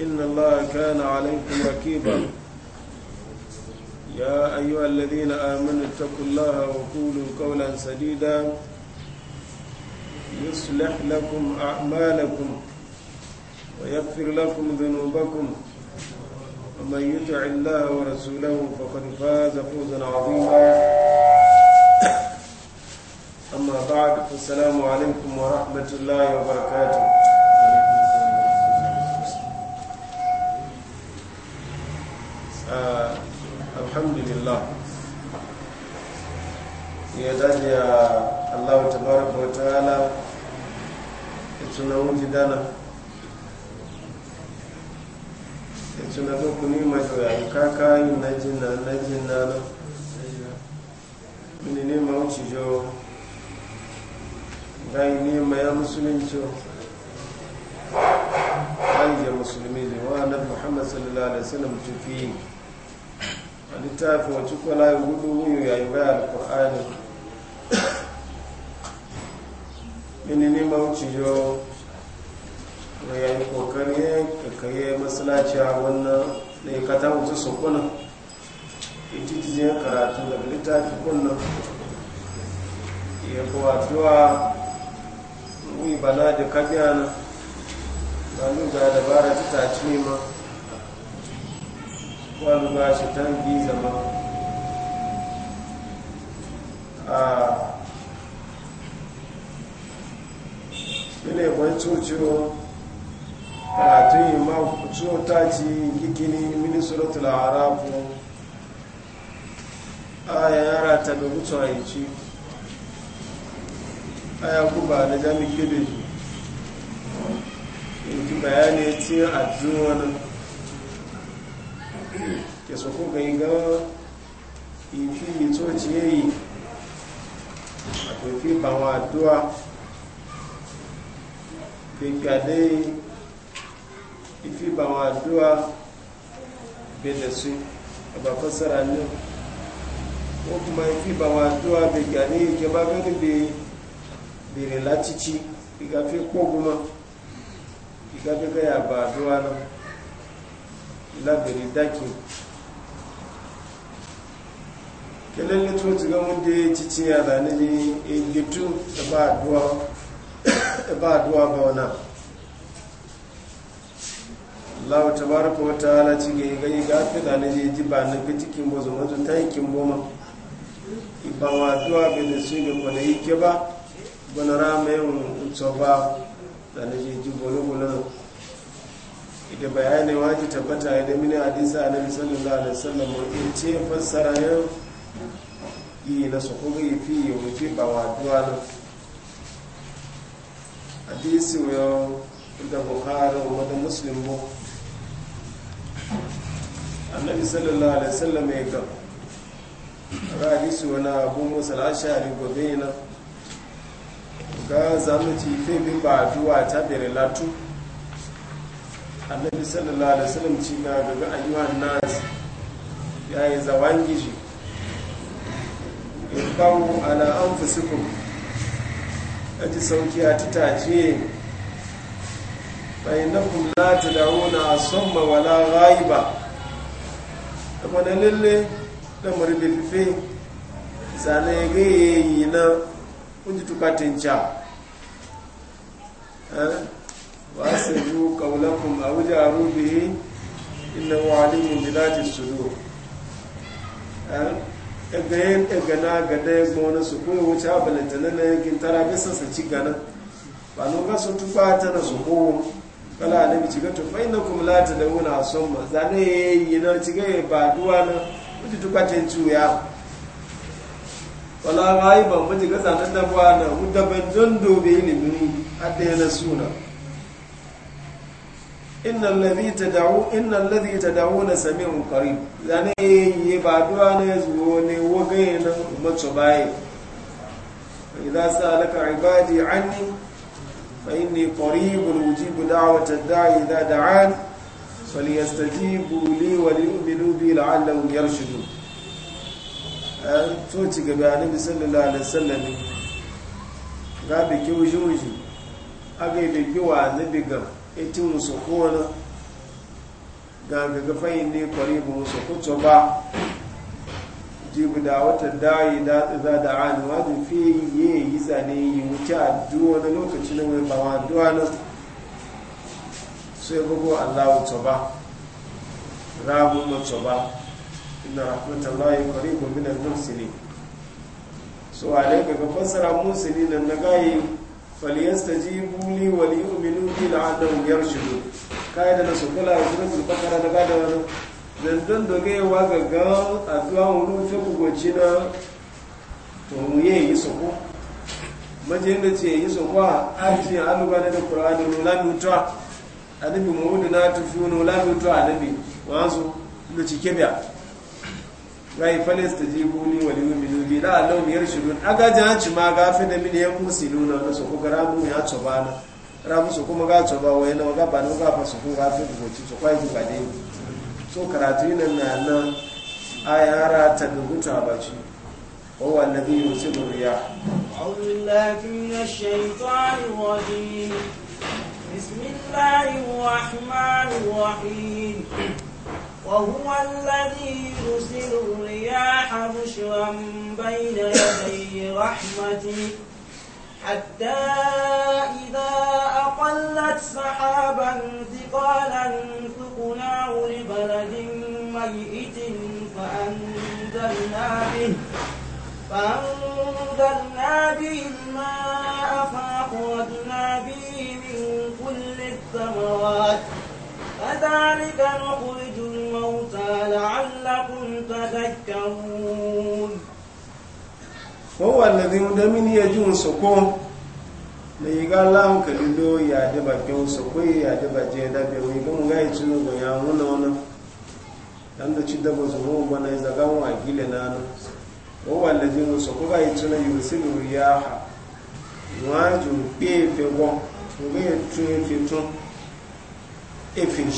إن الله كان عليكم ركيبا يا أيها الذين آمنوا اتقوا الله وقولوا قولا سديدا يصلح لكم أعمالكم ويغفر لكم ذنوبكم ومن يطع الله ورسوله فقد فاز فوزا عظيما أما بعد فالسلام عليكم ورحمة الله وبركاته alhamdulillah ya dace allahu tabaraka wa ta'ala ituna wuji dana ituna duk ni mai doya kaka yi na jina na jina na mini ne ma wuce jo gai ne ma ya musulunci ayyar musulmi ne wa annabi muhammad sallallahu alaihi wasallam tufi littafin wacce kwana ya gudu wuyu ya yi bayan alkur'ani mini nima wuce yi da yayi yi ya kakaye masalaci a wannan da ya kata wuce su kuna ita karatu daga littafin kunan ya kowa tuwa wuyi bana da kabiyana ba nuna dabara ta ma wani ba shi tangi zama a ile wani cuciyo karatun yi ma cuta ci ci mini minisuratul arabu a yara ta da mutu a yi ci a ya kuba da jami'in gibe ji bayani cin a wani ke so ko ga iga ifi mitoci ya yi a tofi banwa aduwa gbẹgbẹdẹ ifi banwa aduwa bẹ̀rẹ̀ sí ẹgbà fọ́sára náà ó kuma ifi banwa aduwa gbẹgbẹdẹ ìjọba gẹ́gẹ́ bẹ̀rẹ̀ látìtì lábẹ̀rẹ̀ daki kelen ne tun tiga mun de cici ya da ne e gitu e ba duwa duwa ba wana Allah tabaraka wa ta'ala ci ga ga ga fi da ne ji ba ne ga cikin bozo wato ta yakin ní ba wa duwa be ne su ga da bayanin waje tabbata ya mini hadisa a nabi sallallahu alaihi wasallam ya ce fassara yau yi na su kuma fi yi wuce ba wa duwa na hadisi yau da bukari wa da muslim bu annabi sallallahu alaihi wasallam ya ga ga hadisi wani abu musa al'ashari gobe na ga zamaci fi bin ba duwa ta bere latu annabi sallallahu alaihi wasallam ci ga daga ayyuhan nas yayi zawangi shi ibawu ala anfusikum aji sauki a titace bainakum la tadawuna summa wala ghaiba kuma da lalle da murbife zane ga yi na kunji tukatin cha eh? وأسروا قولكم أو جاروا به إنه عليم بذات الصدور ɗagayen ɗagana ga ɗaya gona su kuma wuce abalanta na na yankin tara bisa su ci gana ba nuka su tuba ta na su kowo kala bi bici to tufai na kuma lati da wuna son ma zane ya yi na ci ga ba duwa na wuce tuba ta cuya wala ba yi ban wuce ga zanen da ba na wuce ban don dobe ilimin haɗe na suna innan ladhi tad'u innan dawo tad'una sami qarib zane ye ba duwa ya zuwo ne woge nan mace baye idza salaka ibadi anni fa inni qaribun ujibu da'wata da idza da'an falyastajibu li wa liyu'minu bi la'allahum yarshudun eh, to ci gaba annabi sallallahu alaihi wasallam ga bi kiwujuji aga bi kiwa annabi gaba eti musu kona gagaga fayin ne bu musu kuto ba jibu da wata dayi da za da ani wajen fi yi yi zane yi wuce a duwa na lokaci na mai bawa duwa na sai gugu allahu to ba rabu to ba Ina inna rahmatallahi qaribu min al-muhsinin so a daga gafasara musulmi nan na gayi falyastajibu li wa liyu'minu bi la'allahum yarshudun kai da nasu kula da suratul bakara da gada wani dandan doge wa gaga addu'a wani fi kugoci na to mu ye yi soko majin da ce yi soko a ajiye aji aluba da da qur'ani mu la mutwa adabi mu na tufunu la mutwa adabi wazo da cike biya gai falis ta ji buni wani yi minubi da alau miyar shirun aga jihanci ma gafi da mini yan musilu na wani soko ga ramu ya coba na ramu soko ma ga coba wai na waga bani waga fa soko gafi da goci so kwai duka dai so karatu yi nan na nan a yara ta dubuta a baci هو الذي يرسل الرياح أعوذ بسم الله الرحمن الرحيم وهو الذي يرسل الرياح بشرا بين يدي رحمتي حتى إذا أقلت سحابا ثقالا سقناه لبلد ميت فأنزلنا به فأنزلنا به الماء فأخرجنا به من كل الثمرات كذلك نخرج لعلكم تذكرون وهو الذي دمن يجون سكون da yi ala ka lilo ya da bakin su kai ya da baje da bai wai kuma ya muna wani dan da ci da ba zuwa ba na zaga wa gile na nan ko wanda jin su ko ga yi cinu yusilu riyaha wa ju pe fe wo ko ya tun e fin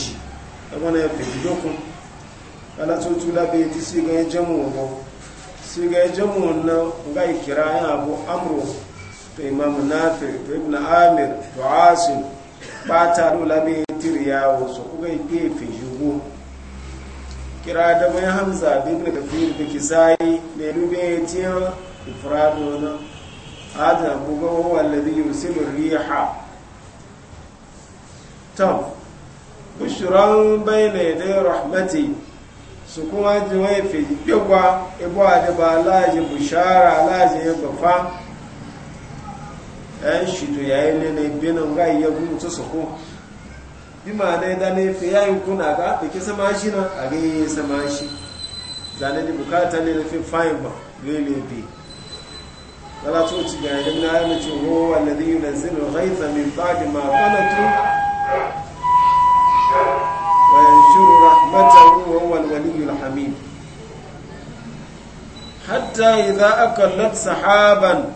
ala tsoci labe ti siga ya jamu wo siga ya jamu na ga ikira ya abu amru to imam nafi to ibn amir to asim ba ta ru labe tiriyawo so ku ga ke fi jugo kira da mai hamza bin da kafir da kisai ne lube tiya ifrado na hada buga huwa alladhi yusilu riha tam bushran bayna yaday rahmati su kuma ji wani fiji gbegwa ebo adaba alaji bushara alaji ya bafa yan shito ya yi nene benin ga iya gutu su bi ma na da ne fi yayin kuna ga da ke sama shi na a ga yi sama shi zane da bukata ne na fi fayin ba lele bi wala to ci ga idan na yi mace ho alladhi yunzilu ghaytha min ba'di ma qanatu وينشر رحمته وهو الولي الحميد hatta إذا أكلت sahaban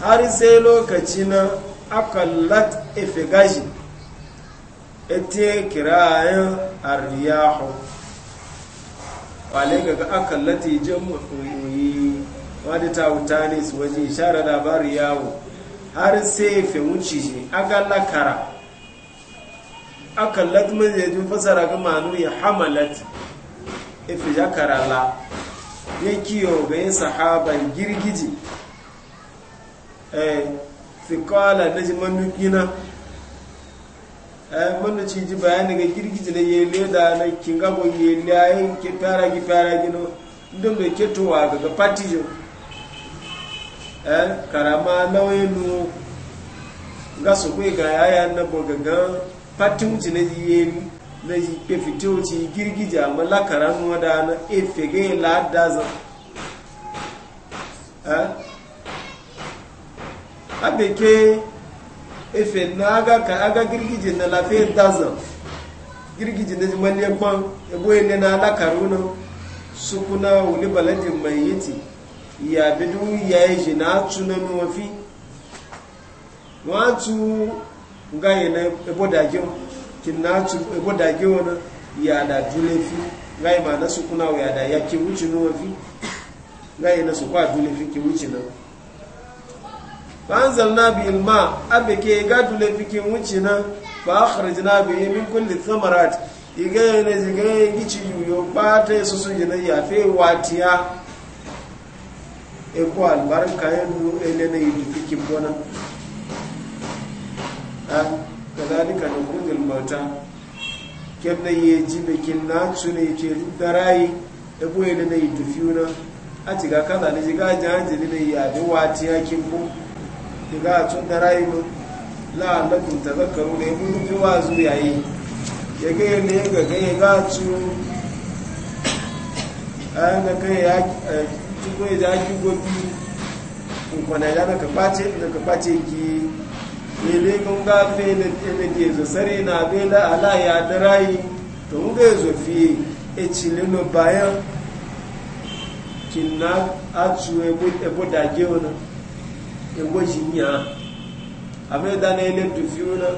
har sai lokaci na إتي ifgashi ita وعليك أكلت جمع wani ta wuta ne su waje share labari yawo har sai fi wuce shi agallakara akallat man ya jin fasara ga manu ya hamalat ifi ya ya kiyo ga yin sahaban girgiji eh fi kala na ji manukina eh mun ci ji bayani ga girgiji na yi leda na kingabon yi layin ke fara gi fara gino no don da ke towa patijo eh, karama nauyi nu ga su kai ga yayan na bogagan fatin ci na yiyeni na yi pefite wuce girgija malakara nuwa da na efe da zan a beke efe na aga ka aga girgije na lafe daza girgije na jimali yagban ebo ile na alakara una suku na wuli baladin mai yiti ya bidu ya yi na tuna fi wọ́n á tún nga yena ebo ya da na suku na ya da ya ki wuci nuwa fi nga na suku a dule fi ki na fanzal na bi ilma abe ke ga dule fi ki na fa akhraj na bi min kulli thamarat iga yena ziga yengi yuyo pata yesusu jina ya fe watia ekwa albarakayenu e yudifiki mbona kazalika da kudin mauta kyan na yi ji bikin na su ne ke da rayi da da na yi tufiyu na a kaza da jiga jihajjali na yi abin wati yakin mu diga a tun da rayi mu la'allakun ta zakaru ne mun yayi ya yi ne ya ga a ya ci eh, da na ki ele gunga fe na emedi ezo sare na abela ala ya darai to nga ezo fi e echile no bayan kinna atu ebo ebo daje ona ebo jinya abe da na ele du fi ona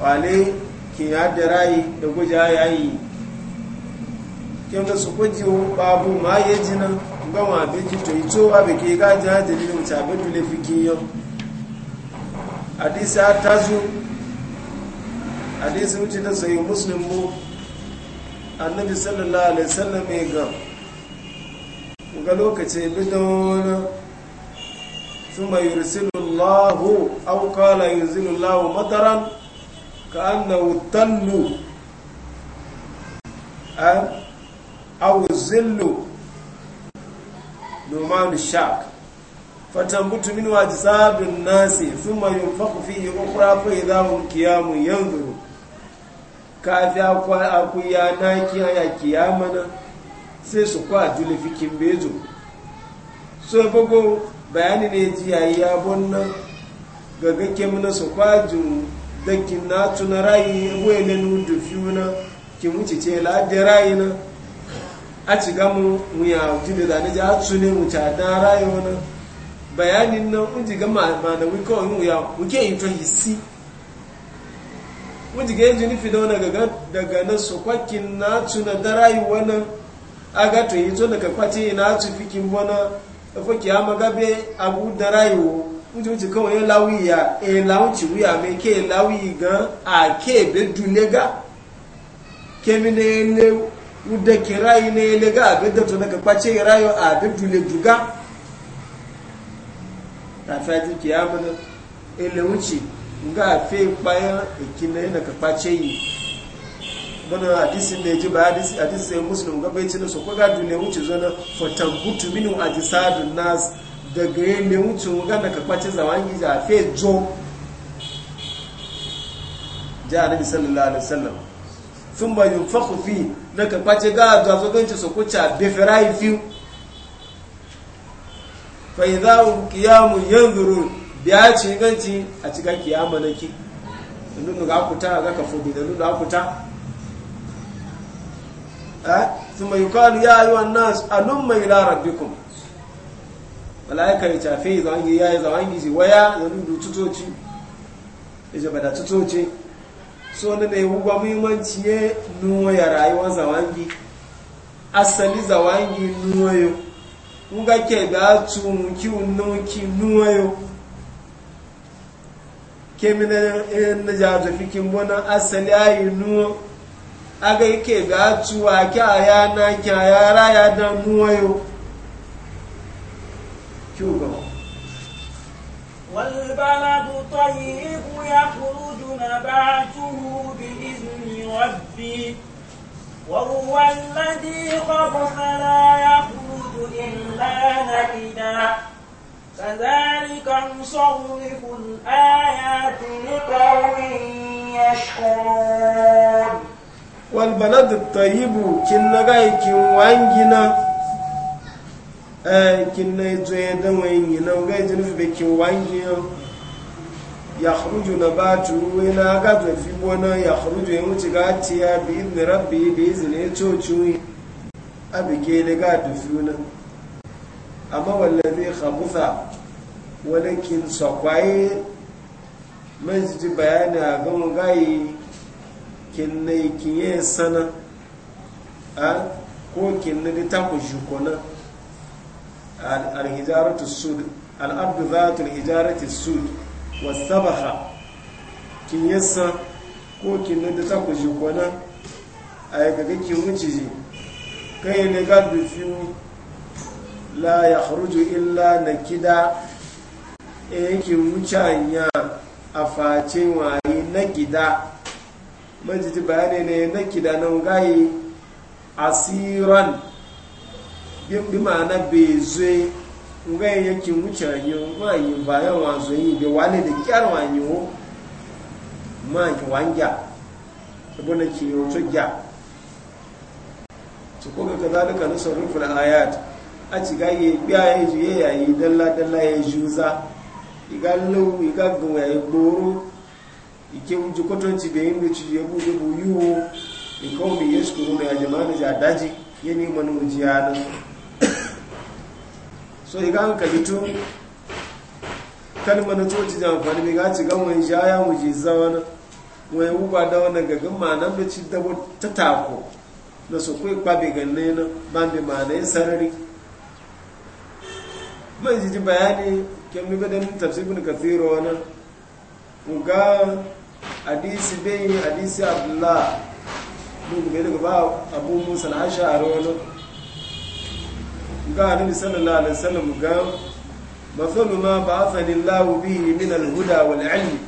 wale ki ya darai ebo ja yayi kemda su kwaji babu ma yejina ngawa beji to ito abe ke ga jaje ni mutabe dule fikin hadisi atazu hadisi wuce ta sayi muslim mu annabi sallallahu alaihi wasallam ya ga ga lokaci bidon suma yursilullahu aw qala yunzilullahu mataran ka an na wutan annahu tannu eh? aw zillu numan shaka فتنبت من أجساد الناس ثم fa فيه أخرى فإذا هم قيام ينظرون kafi akwai na kiyaya kiyamana sai su kwa jule fikin bezo so bago bayani ne ji yayi ya bonna gaga na su kwa ju dakin na tuna rayi wele nu da fiuna ki muci ce la'adda da rayi na a ci gamu mu ya wuce da ne a tsune mu ta dan rayi na bayanin nan unji ga manawi kawai mu ya muke yin to hisi unji ga yanzu nufi da wani gaga daga na su kwakin na tuna da rayuwa nan aga to yi to daga kwace na tu fikin wani efo ki ama gabe abu da rayuwa unji unji kawai yin lawi ya e lawun ci wuya mai ke lawi gan a ke be dunega kemi ne ne udake rayu ne lega abin da to daga kwace rayu abin dule duga kafin ajin kiyama na ele wuce ga fe bayan ikina yana kafa ce yi bana hadisin da ya ji ba hadisin ya musulun ga bai cinu su ko ga duniya wuce zana fatan butu minu a jisadun nas daga yi ne wuce ga na kafa ce zaman gija fe jo ji a nabi sallallahu alaihi wasallam sun bayan fakufi na kafa ce ga zazo ganci su kuca befera fa idza hum qiyamun yanzurun biya ci ganci a na kiyama naki nunu ga kuta ga kafudi da nunu ga kuta eh thumma yuqalu ya ayyuhan nas alumma ila rabbikum malaika ya tafi zangi yayi zangi ji waya da nunu tutoci ije bada tutoci so ne ne wugwa muhimmanci ne nuwa ya rayuwar zawangi asali zawangi nuwayo nga kye gba tu mu ki unu ki nu ayo ke mi na en na ja zo fi ki mbo na asali ayi nu aga ke gba tu a ki aya na ki aya ra ya da nu ayo ki u ga wal baladu tayyibu yakhruju nabatuhu bi izni rabbi وهو الذي خبث لا يخرج إلا نكدا كذلك نصرف الآيات لقوم يشكرون والبلد الطيب كنا غاي كن وانجنا kin na ito ya dan wayin yi nan gai jini fi bekin wangi ya khruju na ba tuwe na gado fi bona ya khruju ya wuce gati ya bi idin rabbi bi izini ya coci ke ne ga dufuna amma wallazi khabutha kin sakwaye man ji bayani a ga mun gayi kin na kin yi sana a ko kin na ta ku shi kona al za ta al ardu hijarati sud was sabaha kin yasa ko kin na ta ku shi kona a ga kin wuce kai ne ga dutu la ya kharuju illa na kida e, yake mucanya a facin waye na gida majiji bayani ne na gida nan gayi asiran bi ma'ana bezwe ngai yake mucanya waye bayan wazo yi da wale da kyar wanyo ma ki wanja na ki yoto gya su koga ka zalika na sarrufin ayat a ci gaye biyaye juye yayi dalla dalla ya yi juza igallu ya yi gboro ike wuji kwatanci da yin luci ya buɗe buyuwo in kawo mai yesu kuro da ya jama'a da jadaji ya na wuji yanar so iga hankali to kalmar na coci da amfani mai gaci gan wani shaya wuji zawa na wani wuba da wani gagan ma nan da ci dabo ta tako da su kai kwabe ganne na ban da yin sarari mai jiji bayani kyan mi badan tafsir bin kathiro wani ga hadisi bai hadisi abdullah bin bai daga ba abu musa na asha a rawa ga hadisi sallallahu alaihi wasallam ga mafalu ma ba'athani allah bihi min alhuda huda wal ilm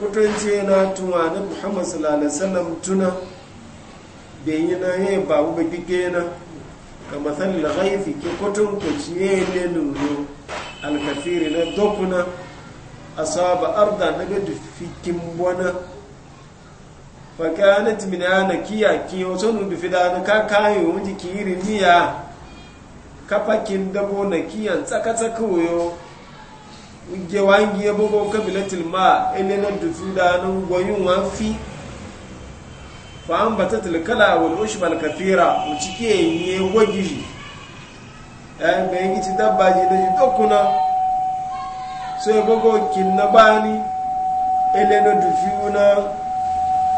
kutunce na tuwa na muhammad sallallahu alaihi wasallam tuna da na he ba mu gige na ka masali la ghaifi ke kotun ko ciye ne lulu al na dokuna asaba arda na dufikin bona fa kanat min kiya ki wato nu bi fida ka kayo mun ji kiri niya kafakin dabo na kiya tsakatsaka wuyo wayo ugewangi kabilatil ma elena nan goyun wa fi fa ba ta tilkala wa ushbal kathira ko cike yi wagi eh be yi ci dabba ji da shi dokuna so e gogo kinna ni ele no dufi fiuna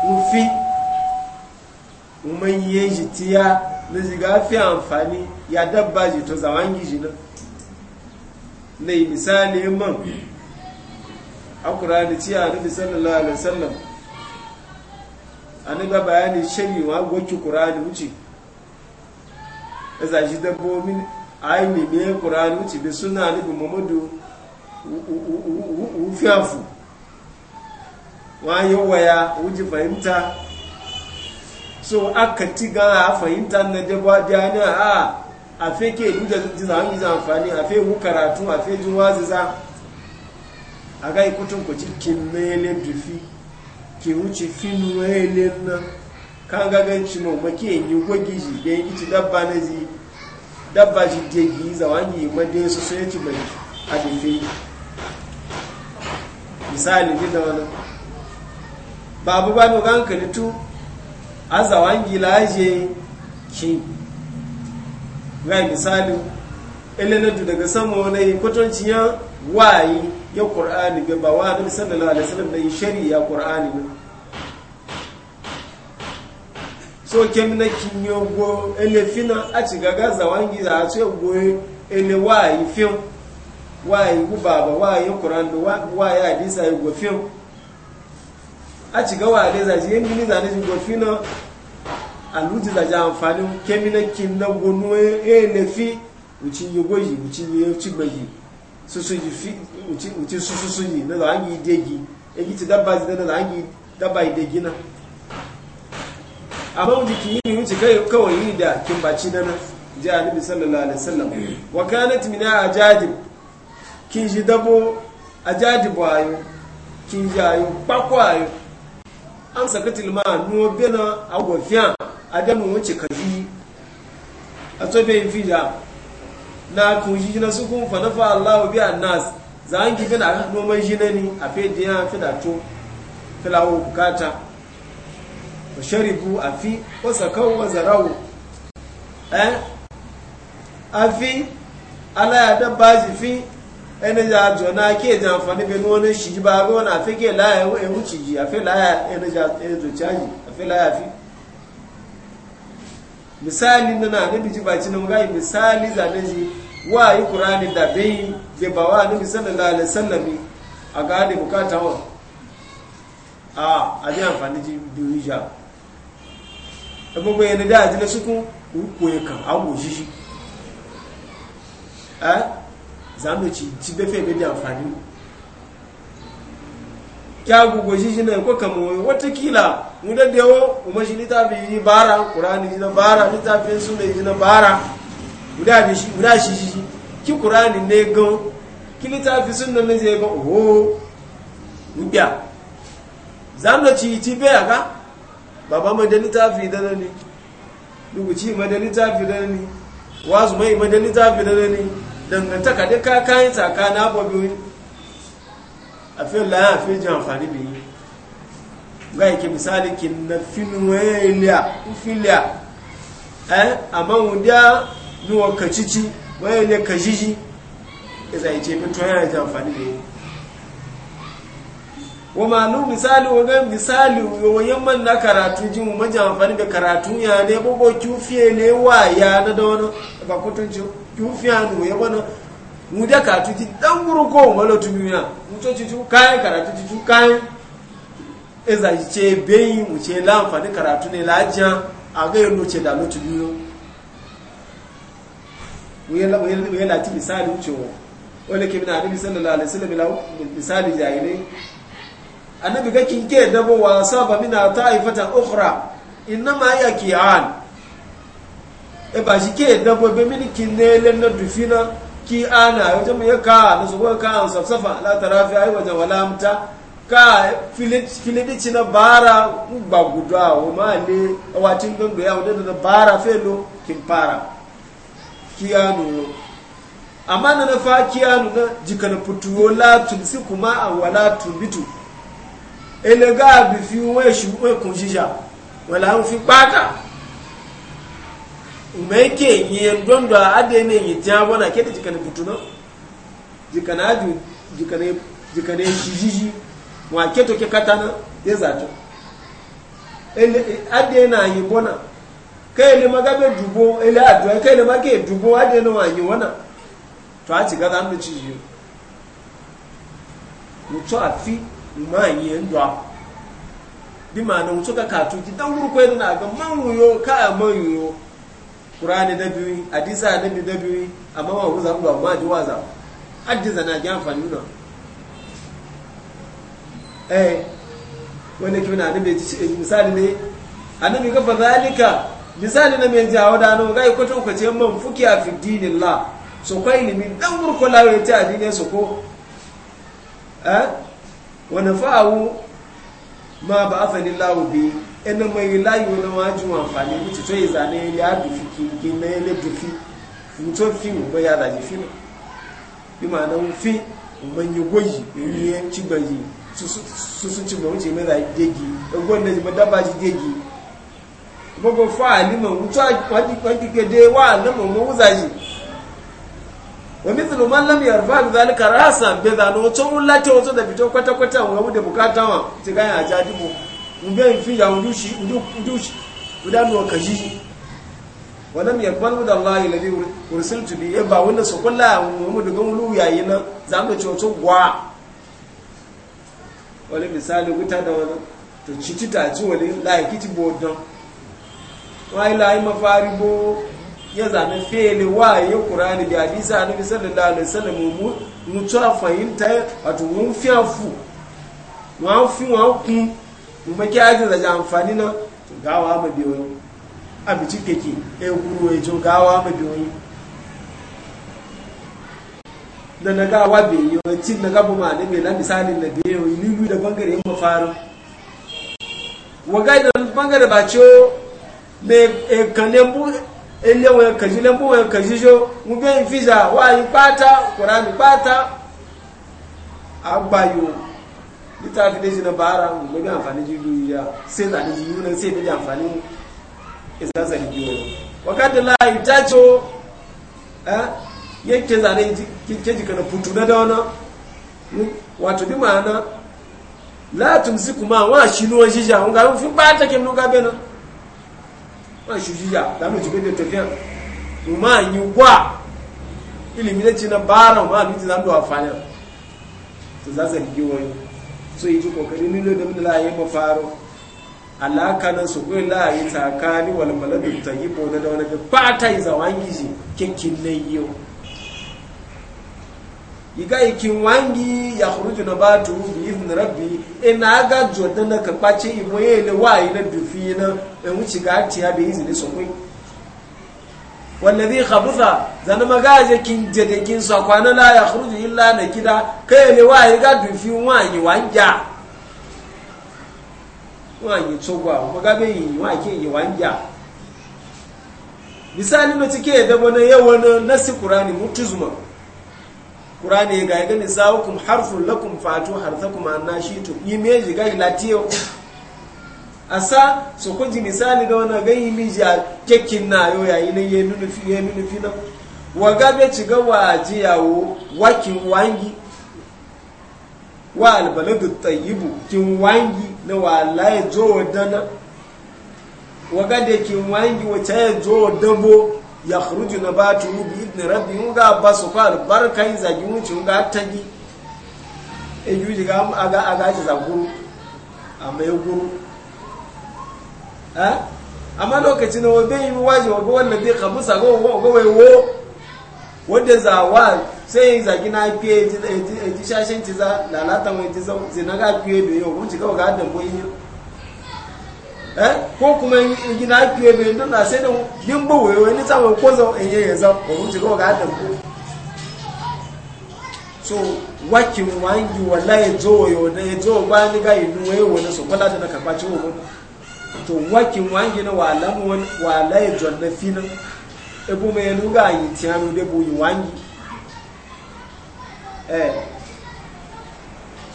mu umar yi yi ye tiya na ji fi amfani ya dabba ji to zaman gishi na yi misali man da ciya da sallallahu alaihi wasallam aniga bayani shari wa goki qur'ani wuce za shi dabbobin aini ne qur'ani wuce bi suna ni bi muhammadu ufiafu wa yawaya wuji fahimta so aka ti gara a fahimta na daba dani a a fe ke duka jizan yi zamfani a fe wu karatu a fe jin waziza a ga ikutun ku mele bifi ke wuce finu hele na kan gagan ci mo yi gwagi ji da yi ci dabba na ji dabba ji je yi za wani yi de su sai ci mai a misali ne da wani babu ba no gan kalitu zawa wangi laje ki ga misali ilinadu daga sama wani yan wayi ya qur'ani be ba wa nabi sallallahu alaihi wasallam da shari ya qur'ani ne so kem na kinyo go ele fina a ci gaga zawangi za a ce go ele wa yi fim wa yi guba ba wa yi qur'an da wa ya hadisa yi go fim a ci gawa da za ji yin ni za ne go fina aluti za ja amfani kemi na kin na go no ele fi uchi yogo yi uchi yogo yi susu ji fi uti susu sunyi na zangi degi egi ti dabba zina na zangi dabba degi na amma wuji ki yi wuce kawai yi da kimbaci na na ji annabi sallallahu alaihi wasallam wa kanat min ajadib kin ji dabo ajadib ayo? kin ji ayo kpako ayo. an sakatil ma nuwa bena agwafiya adanu wuce kazi a tsobe fi da na kushi shi na su kun fanafa allahu bi annas za an kifin a noman shi na ni a fe diya fi da to filawo bukata wa sharibu a fi wasa wa zarawo eh a fi ala ya dabba fi fi. misali nana ne biji baci na mugayi misali zane ji wa yi kurani da bai be ba wa nabi sallallahu alaihi wasallam a ga da bukata wa a a ji amfani ji duija abu e bai ne da ji su kun ku kan abu shi shi eh? a zamuci ci ci bai da amfani mu kyagu gugu shi ne ko kamo watakila mu da dewo kuma shi littafi yi bara kurani shi na bara littafin suna yi na bara guda shi guda shi shi ki kurani ne gan ki littafi sun nan zai ba oho gubiya zan da ci ci bai aka baba ma da littafi da ne luguci ma da littafi da ne wazu mai ma da littafi da ne dangantaka da kakayin tsakanin abubuwan a fi laya fi jan amfani bi yi ga yake misali ki na fimi waye iliya ufiliya eh amma wudiya ni wa kacici waye ne kajiji iza ice bi to yana jin amfani bi yi wa malu misali wa gan misali wa yamman na karatu jin mu majan amfani da karatu ya ne bobo kyufiye ne wa ya na da wani ba kutunci kyufiya ne ya wani mu da karatu ti dan guru ko wala tumiya mu to ci kai karatu ci kai eza ce beyi mu ce la amfani karatu ne lajiya a ga yin ce da lutu biyo mu yi lati misali wucewa wani ke mina anabi sallallahu alaihi wasallam misali jahilai annabi ga kin ke dabo wa saba mina ta'ifatan ukhra innama ya ki'an e ba shi ke dabo be mini kin ne lan na dufina ki ana wajen mu ya ka na su goyi ka an safsafa la tarafi ai wajen wala mta ka filidi na bara ba guda o ma le watin gangu ya wajen da bara felo kin fara ki anu amma na nafa ki anu na jika na fituwo la tumsi kuma a wala tumbitu elega bi fi wọn esu wọn kun jija wala fi pata umeke nye ndondo adene nye jabo na kete jikane butuno jikane aju jikane jikane shijiji mwa keto ke katana yezato ele adena anyi bona kele magabe dubo ele dubo wanyi wana to tiga gaga ndo chijiyo mutso afi ndwa ma na mutso ka katu kidan wuru kwenu na ga manwuyo ka manwuyo Qur'ani da biyu hadisa annabi da biyu amma wa ku zamu ba ji waza hadisa na ga amfani nuna eh wanda ke na annabi eh, misali ne annabi ga fadalika misali na mai jawo da nan ga ko tun ko ce man fuki a fi dinillah so ne ilimi dan murko lawo ya ce addini so ko eh wa nafa'u ma ba'athani Allah bi ẹnu mọ ilá ìwé náà wọ́n á ju àǹfààní ní títọ́ ìzànà ilé àdùfí kìí náà ilé dùfí fún tó fi ìwọ̀n yára yìí fi náà bí màá náà fi ìmọ̀nyí owó yìí èyí ẹ̀ tìgbọ̀n yìí susu tìgbọ̀n ó ti mẹ́ra dégi ẹgbẹ́ náà ìmọ̀ dábàá ti dégi gbogbo fún àlímọ̀ wútọ́ àdìgbẹ́dẹ́ wà lọ́mọ̀ mọ́ wúzà yìí ومثل من لم يرفع بذلك راسا بذلك وتم لا توتو da fito kwata kwata wa mu da bukata wa tiga ya jadi mu fi mbe mfinya undushi wa udanu wakajiji walam yakbal min Allah alladhi ursiltu bi ya ba wannan sokolla mu daga mu yayi na zamu coco gwa wani misali guta da wani to citi ta ci wani laiki ti bodon wai lai mafari bo ya zame fele wa ya qur'ani bi hadisi annabi sallallahu alaihi wasallam mu mu tsara fahimta wato mun fiafu mu an fi wa kun kuma ki aji da amfani na gawa ma biyoyi a bici keke e guru e jo gawa ma biyoyi da na gawa biyoyi ci na gabu ma ne mai na misali na biyoyi ni da bangare yin mafarin wagai da bangare ba me mai e kanen bu ele wọn kàjí lẹ́mú wọn e kàjí ṣó mú bẹ́ẹ̀ wa yi pata kùránì pata agbayo littafi da shi na bara mai ga amfani jirgin ya sai zane jirgin nan sai da amfani isa zargi wani wakadda layi ta co eh, yake zane ke jika na putu na dauna wato bi ma'ana latin si kuma wa shi nuwa jija wani garin fin ba ta kem nuka bena wa shi jija da mu jibe da tafiya ma yi gwa ilimi na ci na bara ma abin da zan da amfani to za zargi wani so yi ji kokari milo da mila yi mafaro alaka nan su kuwa la yi takani wal maladu ta yi bona da wani ga fata yi zawan gizi kekin na yi yi ikin wangi ya huruju na tu bi izin rabbi ina ga jodan na kakpace imoye yele wa yi na dufi na wuce ga tiya da izini su kuwa wallazi khabutha zan magaje kin jede kin so kwana la ya khruju illa na kida kai ne wa yi ga dufi wanyi wanja wanyi tsogwa magabe yi wa ke yi wanja misali no tike da bana yawan nasi qur'ani mutuzma qur'ani ga ga ni sawukum harfun lakum fatu harthakum annashitu imeji ga latiyo asa su kunji misali da wani gayi miji a kekin na yau yayi na yi nunufi ya nunufi na wa gabe ci ga ji yawo wakin wangi wa albaladu tayyibu kin wangi na wa laye zo wa dana wa gade kin wangi wace ya zo wa dambo ya kuruji na tu rubi idin rabbi mun ga su fa albarka yin zagi mun ci mun ga tagi e yuji ga a ga ci zaguru a mai guru Eh? amma lokacin na wabe yi waje wabe wannan zai kabu sago wai wo wadda za wa sai yi zagi na fiye ya ji shashen ci za lalata mai ji zina ga fiye da yau wuce kawai ga adam eh? ko kuma yi na fiye da yau na sai da yin bawa ni samun ko zau in yi ya zau wuce kawai ga adam so wakin wangi wala ya zo ya zo ba ni ga yi nuwa wani so kwallata na karɓa ciwo mutu to wakin wangi na walamun walaye jordan finan ebu mai luga yi tiyanu da buyi wangi eh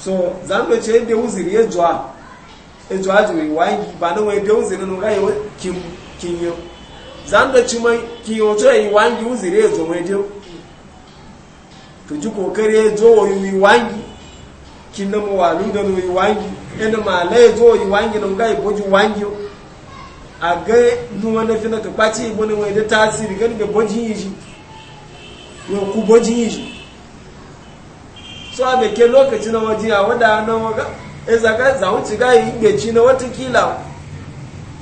so zambe ce ebe uziri ejwa ejwa juwe wangi ba na wai ebe uziri nuga yi kim kinyo zambe ci mai kinyo to yi wangi uziri ejwa mai dio to ji kokari ejwa yi wangi kinna mu walu da yi wangi ina ma lai zo yi wangi nun gai boji wangi a ga nuwa na fi na ka kwaci ibo na wani da tasiri gani da boji yi shi yo ku boji yi shi so a ke lokaci na waje a wada na waga e zaga za wuce ga yi igbe ci na watakila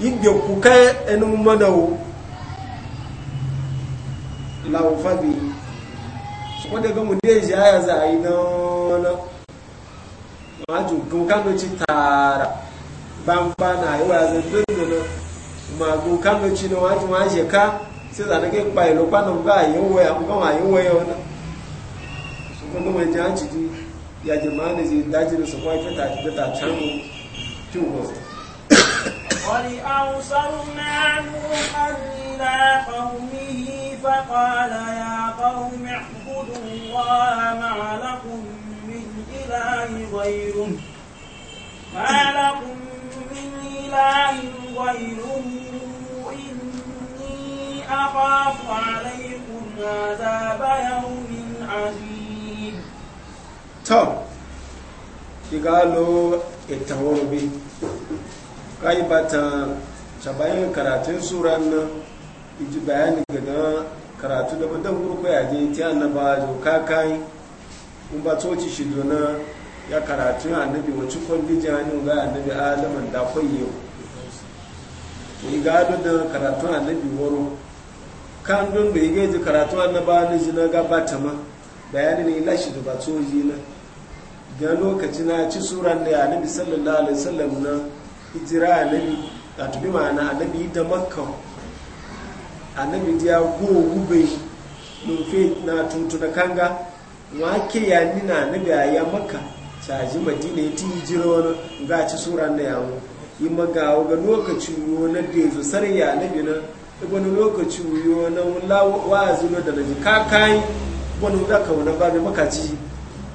igbe ku kai enin manawo lawufabi wadda ga mu dai shi haya za a yi na wani maju gukan ci tara ban ba na yi wa zan dundun ma gukan da ci na waju ma ka sai zan ga ba yi lokwan ga yi waya mu ga ma yi waya na su ko kuma ji an ci ya jama'a ne zai daji da su kwa fita ta ta can mu kin go wani awsarna nuhan ila qaumihi faqala ya qaumi ibudu allaha ma lakum إله غيره ما لكم من إله غيره إني أخاف عليكم عذاب يوم عظيم طب قالوا التهور به ta shabayin karatun suran nan iji bayani karatu da budan gurgu ya je ta annaba jo kakai in ba coci shi dona ya karatu annabi wacce kwalli jihani ga annabi adaman da kwaye yi gado da karatu annabi waro kan don bai gaji karatu annaba na ji na gabata ma bayanin ne lashi da ba coci na ga lokaci na ci suran da ya annabi sallallahu alaihi wasallam na hijira annabi a tubi ma'ana annabi da makka annabi ya go gube nufe na tuntuna kanga wake ya nina na ga ya maka caji madina ya tiyi jiro wani ga ci sura na yawo yi magawa ga lokaci yiwu na dezo sarai ya na gina wani lokaci yiwu na wazi na da naji ji kakai wani da ka wani ba maka ci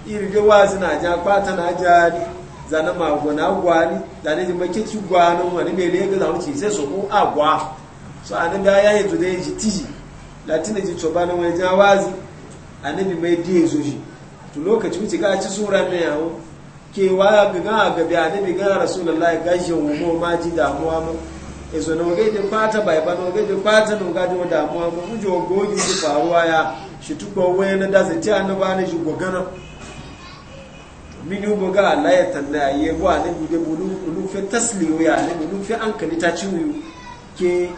iri dai wazi na ja kwata na ja ni zana na gwani zana ji maki ci gwanin wani mai ne ga zaunci sai su ko agwa so anan da ya yi tudai ji tiji latina ji tsoba na wani wazi annabi mai diye zo shi to lokaci wuce ga ci sura da yawo ke wa ga ga ga bi annabi ga rasulullahi ga shi mu ma ji damuwa mu e zo no gaje fata bai ba no gaje fata no ga da damuwa mu mu jo gogi ji faruwa ya shi tuko na da zai ci annaba ne shi gogana mini ubo ga Allah ya tanda ya bo annabi ga bulu bulu fe tasliyo ya ne bulu fe ankali ta ciwo ke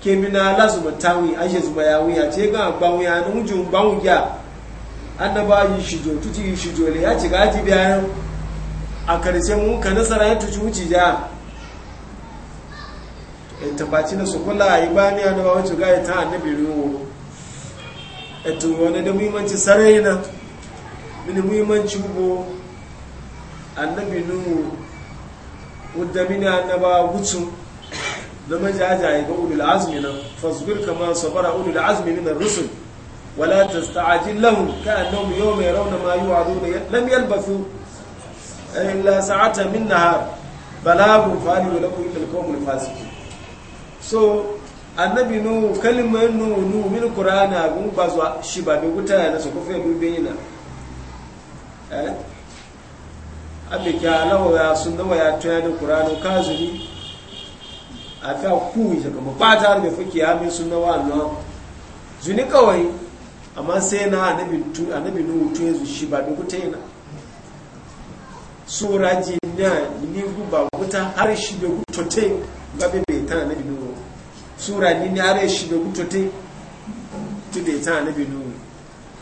ke mina lazuma tawi aje zuba ya wuya ce ga bawo ya nu jun bawo ya annaba yi shijo tuti yi shijo ne ya ci gaji bayan a karshe mu ka nasara ya tuci wuci ja in e tabbaci na su kula yi ba ni annaba wacce ga ta annabi ruwo e wani da muhimmanci sarai na mini muhimmanci ugbo annabi nuhu wadda mini annaba gutsu da majajaye ga ulul azmi na fasbir kama sabara ulul azmi na rusul ولا تستعجل لهم كأنهم يوم يرون ما يوعدون لم يلبثوا إلا ساعة من نهار بلاغ فاني ولكم إلا القوم الفاسقين so annabi nu kalimar nu nu min qur'ana gun ba zuwa shi ba bi guta na su kofe bi yana eh abi ka lawa ya waya wa ya da qur'anu kazuri afa ku yi kuma ba ta da fuki ya min sunna wa Allah zuni kawai amma sai na annabi nuhu yanzu shi ba dokuta yana sura raji na ni guba guta har shi da gutote gabe bai tana annabi nuhu sura ni ne har shi da gutote tu bai tana annabi nuhu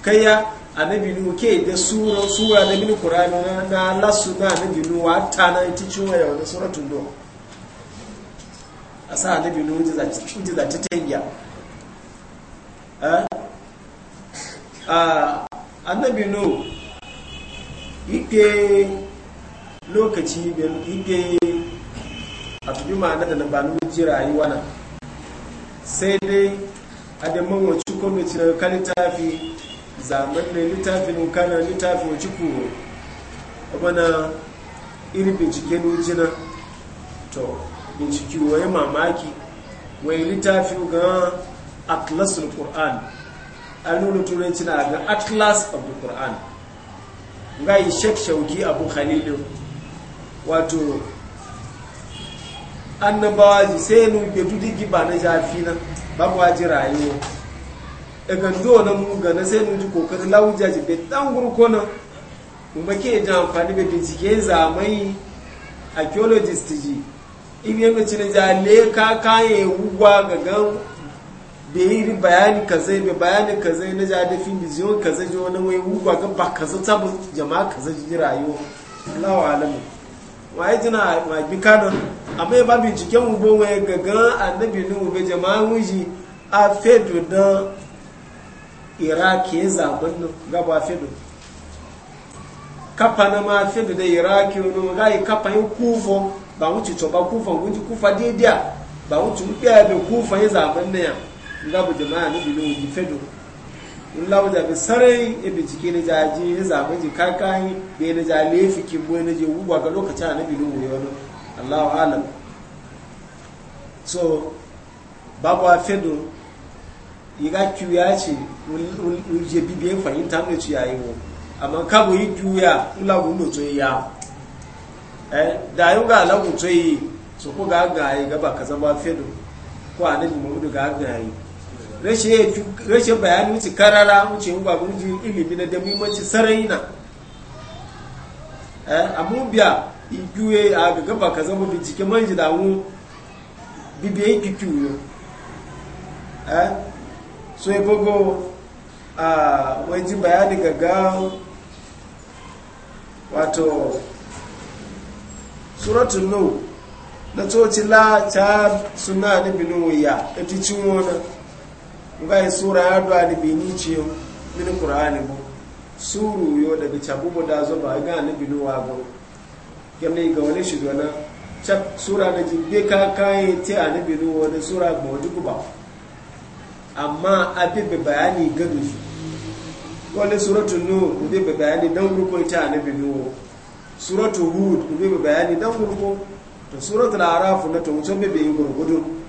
kai annabi nuhu ke da sura sura da bin qur'ani na lasu na annabi nuhu a na ita cin waya sura suratul do asa annabi nuhu ji za ta tanya eh Ah, annabi no ike lokaci ike a tubi ma'ana da na ba ji rayuwa nan sai dai a da wacce kome cire ka littafi zaman da littafin kanar littafin waci kuro na iri bincike nujina to bincike ya mamaki wai littafi ga atlasul qur'an an nuna turanci na ga atlas of the quran ga yi shek shauki abu khalilu wato annabawa sai nu ke tudigi giba na jafi na babu ji rayuwa daga e na muga na sai nu ji kokarin lauja ji bai dan gurkona kuma ke ji amfani bai bincike zamani archaeologist ji in yamma cinin ja le ka kaye ga gan bihiri bayani kazai bai bayani kazai na ja da fin biziyo kazai ji wani wai wugwa ga ba kaza tabu jama'a kaza ji rayuwa Allah wa yi jina ma bi kadon amma ba bi jike mu bo wai gaga annabi nu be jama'a wuji a fedo da iraki ya zaben nan gaba fedo kafa na ma fedo da iraki wani ga yi kafa yin kufo ba wuce coba ba kufa wuce kufa daidai ba wuce mu biya da kufa ya zaben nan ya labu jama'a ni bilo ji fedo in labu da bi sarai e bincike ne jaji ya zaɓi ji kakani da ya ja lefi kimbo na je wuwa ga lokacin na bilo ne wani allahu alam so babu a fedo yi ga kiwa ce je bibiyan fahimta ne ci yayi wo amma kabo yi kiwa labu no to ya eh da yau ga labu to yi so ko ga ga yi gaba ka zama fedo ko annabi mu ga ga yi rashin bayani wuce karara wuce yin gwagwun jin ilimi na da muhimmanci sarai na eh, abubuwa biya igiwe a gaba ka zama bincike man ji damu bibiyan kikiyu ne eh, so ya gogo a wajen bayani gaga wato suratun nau na tsohon la ta suna na binu wuya ta ci cin wani ngai yi sura ya do ni ciyo min qur'ani bo suru yo daga bo da zo ba ga annabi nuwa go kemne ga wani shi dona chap sura ji jibbe ka kai te annabi nuwa da sura ga ku ba amma abibe bayani ni shi wani suratul nur bi bayani dan ta ani annabi nuwa suratul hud abibe bayani dan gurko to suratul araf na to be bai gurgudu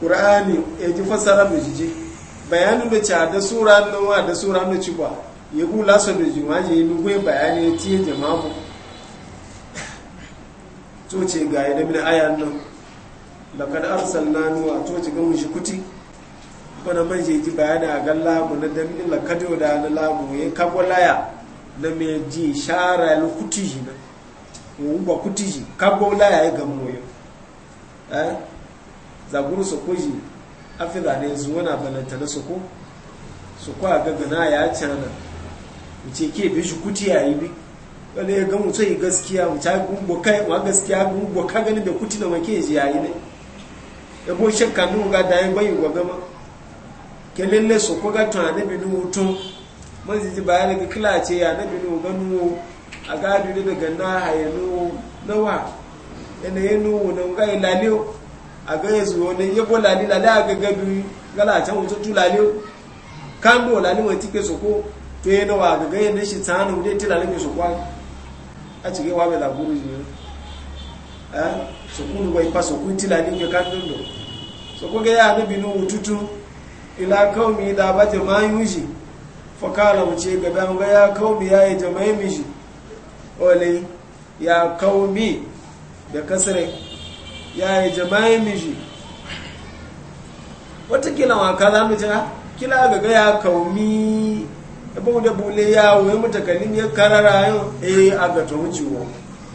qur'ani ya ji fasara da jiji bayanin da ci da sura nan wa da sura nan ci ba ya gula sa da jimaji ya lugwe bayani ya tiye ku to ce ga ya da mini ayan nan lakad arsalna nuwa to ce ga mushi kuti bana man je ji bayani a gan labu na da mini lakad da na labu ya kabo laya na me ji shara lu kuti ji na uba kuti ji kabo laya ya gamu yo eh zaguru su kuji afi zane zuwa na balanta na su ko su kwa gagana ya cana wuce ke bi shi kuti ya yi bi wani ya gamu yi gaskiya mace gungo kai wa gaskiya gungo ka gani da kuti na wake ji ya yi ne ya bo shakka nun ga dayan bayi wa gama ke lalle su ku ga tunanin bi nu tun manzi ji bayan ga kila ce ya na bi nu ganu a gadu daga na hayanu nawa yanayin nu na ga ilaliyo aga yezu wani yebo lali lali aga gabi gala a can wuce tu lali kando lali wani tike soko to yana wa aga ganyen da shi tsanu wuje ti lali mai soko a cikin wa bai laburu ne a soko ne bai fa soko ti lali ke kando do soko ga ya na binu wututu ila kawo mi da ba jama'in wuji fakala wuce gaba ga ya mi ya yi jama'in miji ole ya kawo mi da kasarai yayi jama'i miji mishi watakila wanka za mu jira kila ga gaya kaumi abu da bule ya wuyi mutakalin ya karara yau eh a ga to mu ciwo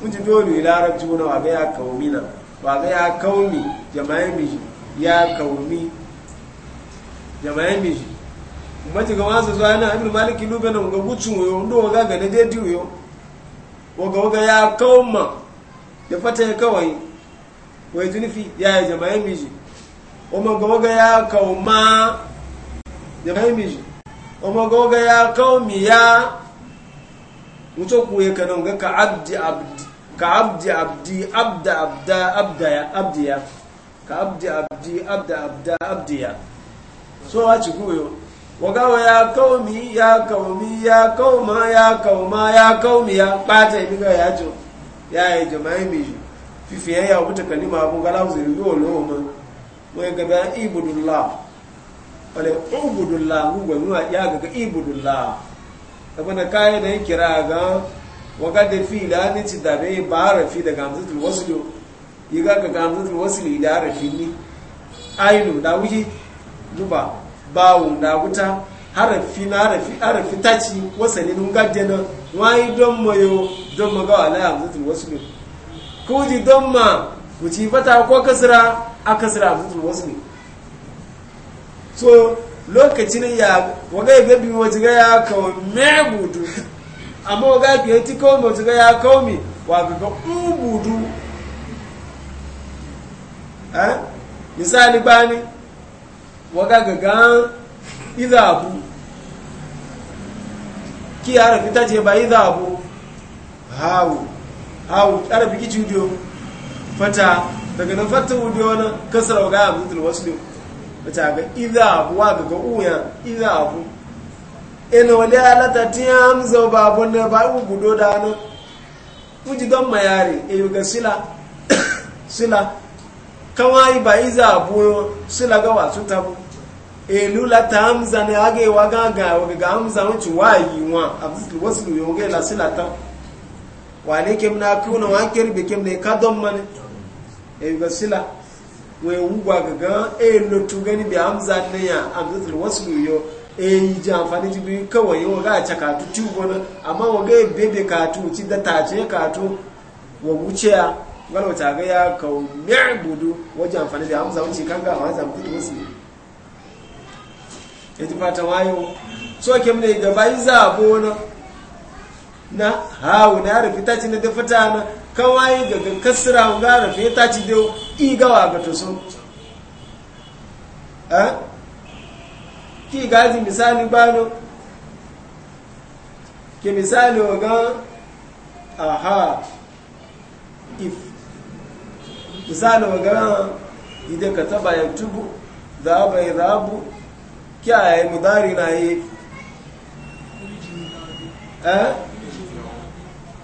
mun ji dole larabci wani wa gaya kaumi na wa ya kaumi jama'i miji ya kaumi jama'i miji mati ga wasu zuwa yana abin maliki lube na ga gucin wuyo ndo waga ga na daidai wuyo waga waga ya kauma ya fata ya kawai wai fi. ya yi jama'in miji omagoga ya kauma jama'in miji omagoga ya kaumi ya mutu kuwa kanon ga ka abdi abdi ka abdi abdi abda abda abdaya abdiya ka abdi abdi abda abda abdiya so a ci kuyo wagawa ya kaumi ya kaumi ya kauma ya kauma ya kaumi ya ɓata ibiga ya jo ya yi jama'in miji fifiyayya wuta kalima abun gala zai yi wa noma mai gaba ibudullah wale ibudullah gugu nuna ya gaga ibudullah abin kayan da ya kira ga waga da fi da ci da bai ba rafi da wasu yi ga ga wasu da ni ainu da nuba da wuta harafi na harafi harafi na kuji don ma wuci bata ko kasira a kasira a mutum wasu ne so lokacin ya waga ibe bi wata ga ya kawo mebudu amma waga ke ti kawo mai ga ya kawo mi wa gaga ubudu budu eh? misali bani waga gaga izabu ki harafi ta ce ba izabu hawu hawu tsara biki judiyo fata daga nan fata wudiyo wani kasar ga abdul waslu fata ga idza abu wa ga uya idza abu ina wale alata ti hamza ba bonne ba u gudo da na uji don mayare e ga sila sila kawai ba iza abu sila ga wasu tabu elu la ta hamza ne age wa ga ga ga hamza wuci wa yi wa abdul waslu yo ga la sila ta wane kem na kuna wa kirbe kem ne ka don mani e ga sila we wugwa ga ga e lotu gani bi amza ne ya amza wasu yo e yi ji amfani ji bi kawai yau ga a katu ci gona amma wa ga e bebe katu ci da tace katu wa wuce ya wala wata ga ya ka mi'budu waje amfani da amza wuce kan ga amza mutu wasu ya e, ji fata wayo so kem ne ga yi za a bo bona na hau na rufe ta ci na da fita na kawai daga kasra ga rufe ta ci da igawa ga to a eh ki gaji misali bano ke misali ga aha if misali ga idan ka taba ya tubu za a bai rabu kya ya mudari na yi eh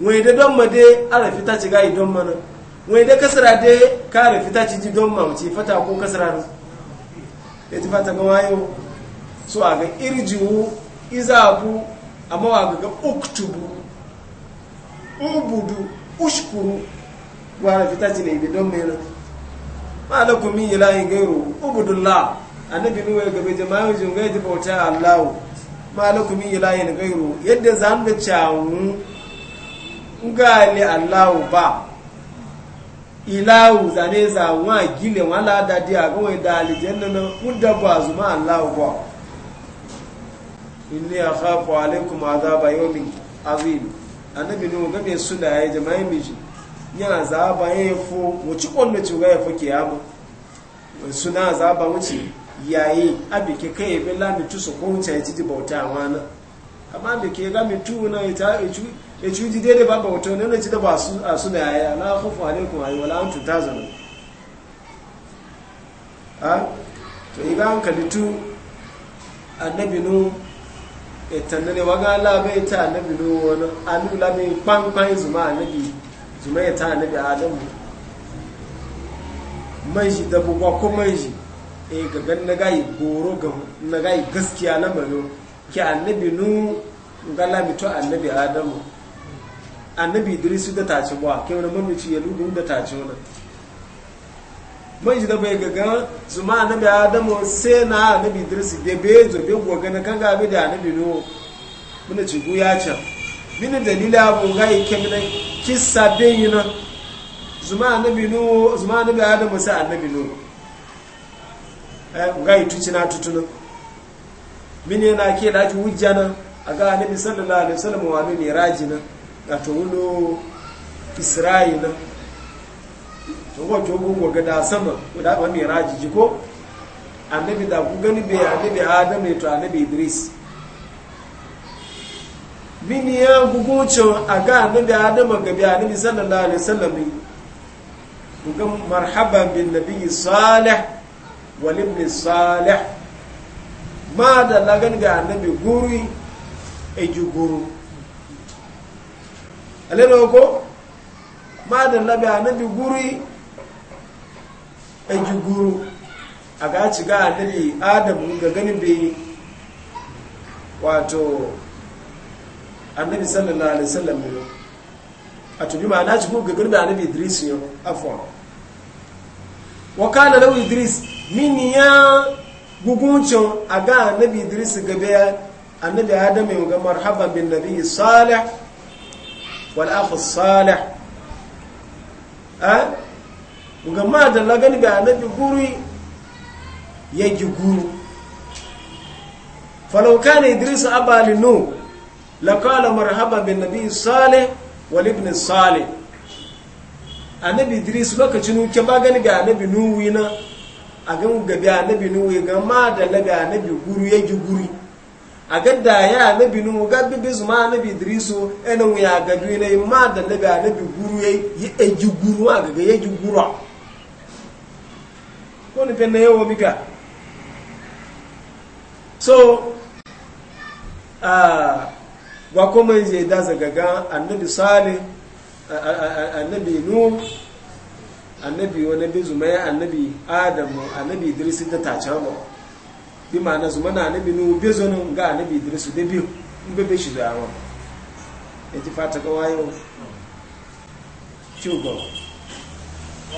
wai da don de ala fita ci yi gai don mana wai de kasara de ka ala fita ci ji don mamaci fata ko kasara na ya ti fata gama yau so a ga irjiwu izabu amma a ga uktubu ubudu ushkuru wa ala fita ci ne da don mai nan ma mi kuma yi layin gairu ubudullah annabi nuwa ya gabe jama'in jungai ta bauta allahu ma da kuma yi layin gairu yadda zan da cawun ngali allahu ba ilahu zane za wa gile wa la da dia go da aljanna na mudda ba zuma allahu ba inni akhafu alaikum adhaba yawmin azim annabi no ga be da ya jama'i miji ya ya fo wuci kullu ci ga ya fo kiyama suna azaba wuci yayi abike kai be la mi tuso ko wuce ya ji bauta wana amma da ga mi tu na ita ya cuji daidai ba bauta ne wani ci da ba su da yaya na kufu alaikum ayi wala an cuta zama ha to iga an kalitu annabi nu etanne ne waga labe ita annabi nu wani anu labe kwankwan zuma annabi zuma ya ta annabi adamu man shi da bugwa ko man shi eh ga gan na gayi goro ga na gayi gaskiya na malo ki annabi nu ngala a annabi adamu annabi idris da tace ba ke wani mamici ya lubu da tace wani mai da bai gaga su ma annabi adamu sai na annabi idris da bai zo bai goga na kanga gabe da annabi no muna ci guya can mini dalila abu ga yi kemina kisa bin yi na zuma annabi no zuma annabi adamu sai annabi no eh ga yi tuci na tutuna mini yana ke da ki hujja na aga annabi sallallahu alaihi wasallam wa ne rajina wato wulo isra'ila to wato gungo ga da sama da ba mai rajiji ko annabi da ku gani bai annabi adam ne to annabi idris min ya gugucin a ga annabi adam ga bi annabi sallallahu alaihi wasallam ku ga marhaba bin nabi salih wal ibn salih ma da lagan ga annabi guri e guru alelo ko madan labe anabi guri aji e guru a ga ci ga nabi adamu ga ganin bai wato annabi sallallahu alaihi wasallam ne a tuni ma na ci ga ganin annabi idris ne afwa wa kana law idris min ya gugunjo a ga annabi idris gabe annabi adamu ga marhaban bin nabi salih والاخ الصالح ا guru falau abalinu laqala marhaba bin nabi salih annabi idris lokacin ba gani ga annabi nuwi na a gan gabi annabi nuwi ga guri a gadda ya nabi nu gabi bi zuma nabi idrisu ena mu ya ga bi ne ma da nabi nabi guru ye ye eji guru a ga ye ji guru ko ni penne yo mi ka so ah wa ko mun je da zaga ga annabi sali, annabi nu annabi wani bi zuma annabi adamu annabi idrisu da ta tace mu bi ma na zuma na anabi nu zonu ga anabi idris be shi da awon e fata ga wayo shugo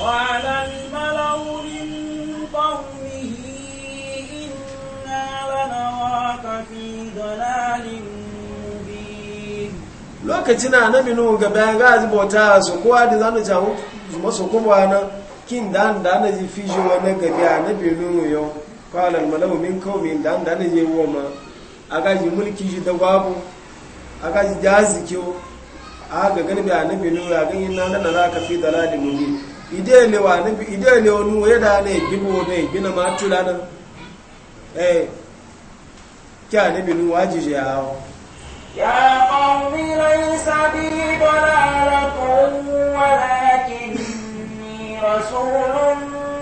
قال الملأ من قومه إنا لنراك في ضلال مبين لوكتنا نبي نو غبا غاز بوتا سو كو ادي زانو na kin ji gabi a nabi yau qala al malaw min qaumin dan dan ne wo ma aga ji mulki ji da babu aga ji jazi kyo aga gani bi annabi no ya gani na na za ka fi dalali muni ide ne wa annabi ide ne onu we da ne ne gina ma tulana kya يا قوم ليس بي ضلالة ولكني رسول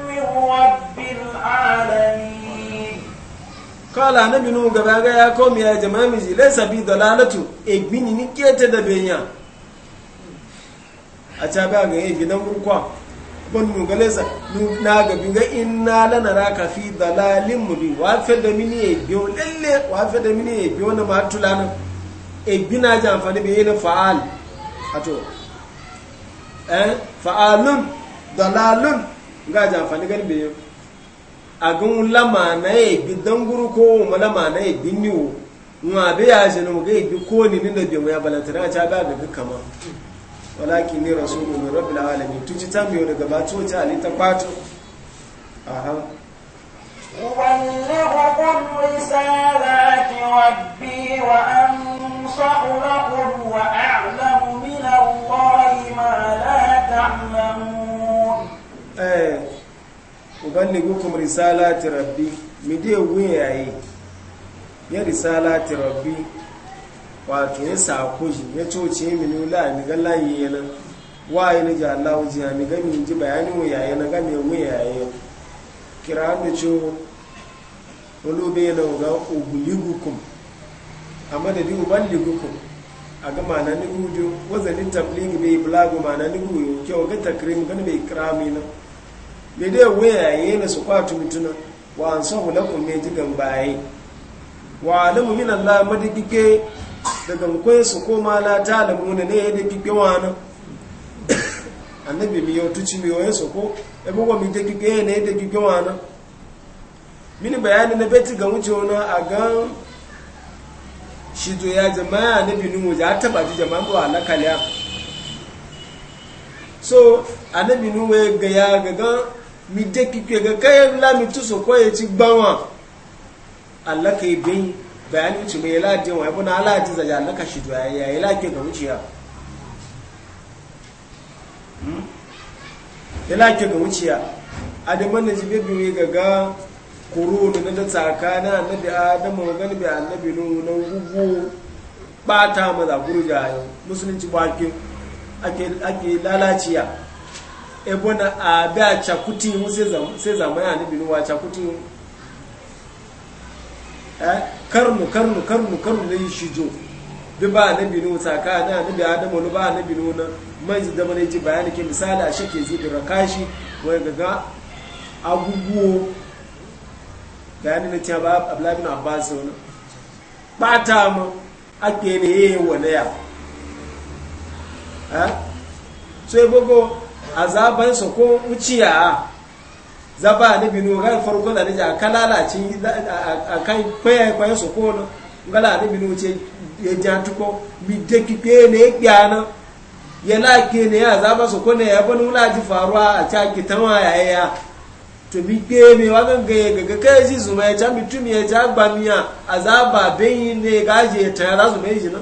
من رب العالمين kọ́lá na minu gaba ya komi ya jama miji laisa bi dalalatu egbini ni kete da benya a ta ba ga yi gidan burkwa ban nu ga laisa bi ga inna lana iná fi dalalin mubin wa fe da e biyo lalle wa fe e biyo na matula na egbina ji amfani bi fa'al ato eh, fa'alun dalalun ga ji gani bi agin lama na don e danguru ko ma lama na e bi niwo ma bi ya ce no ga bi ko ni ni bi mu ya balantana ta ga ga kama walakin ni rasulu min rabbil alamin tuji ta biyo daga ba to ta ali ta kwato aha uballaghum risalati rabbi wa ansahu lakum wa uballighukum risalati rabbi mi de yayi ya risalati rabbi wato ya sako shi ya coci ni la mi ga layi yana waye ni ja Allah ji mi ga mi ji bayanin yayi na ga me yayi kira da ciwo olóbe yana ga ubuligukum a madadin uballigukum a ga mana ni gudu wazanin tabligi bai bulagu mana ni gudu kyau ga takrim gani bai kirami na bede waya yana su kwa tutuna wa an sahu lakum me jigan baye wa alamu min Allah madikike daga kwai su koma la ta alamu ne ne da kike wani annabi mi yau tuci mi yoyin su ko ebe wa mi da kike ne da kike wani mini bayani na beti ga wuce wani a gan shi to ya jama'a annabi nuhu ya taba ji jama'a ba na kalya so annabi nuhu ya ga ya ga gan mi dé pípé kankan ńlá mi tó sòkó yẹ ti gbá wọn alaka ibin bayanin ci mai ladin wa yabo na aladin zaje alaka shi ya yi lake ga wuciya ya lake ga wuciya ti bẹ́bí wí gàgá bebe annabi annabi bata ebona a a chakuti mu sai zama ya binu wa chakuti mu eh, karnu karnu karnu karnu na yi shijo bi ba nabi nuwa saka na bi adam wani ba na binu na mai da dama na ji bayani ke misali a shike zai da rakashi wani gaga agugo bayani ne ta ba abulabin abbas ne ba ta ma ake ne yewa ne ya eh sai bugo azaban su ko wuciya za ba ni binu ga farko da nija ka lalace a kan kwaye kwaye su ko no ngala ni binu ce ya ja tuko mi de kike ne ya na ya la ke ne ya azaba su ko ne ya banu la ji faruwa a ta kitama ya ya to mi ke mi wa ga ga ga kai ji zuma ya ta mitumi ya ja gba a azaba bayin ne gaje ta za su mai ji na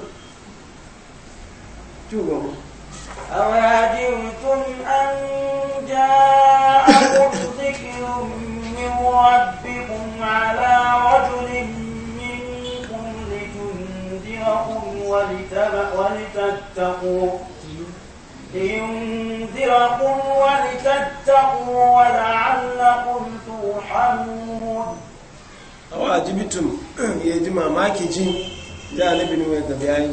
tugo أواجرتم أن جاءكم ذكر من ربكم على رجل منكم لتنذركم ولتتقوا لينذركم ولتتقوا ولعلكم ترحمون أواجبتم يجمع ماكي جين جاء لابن ويدب يعني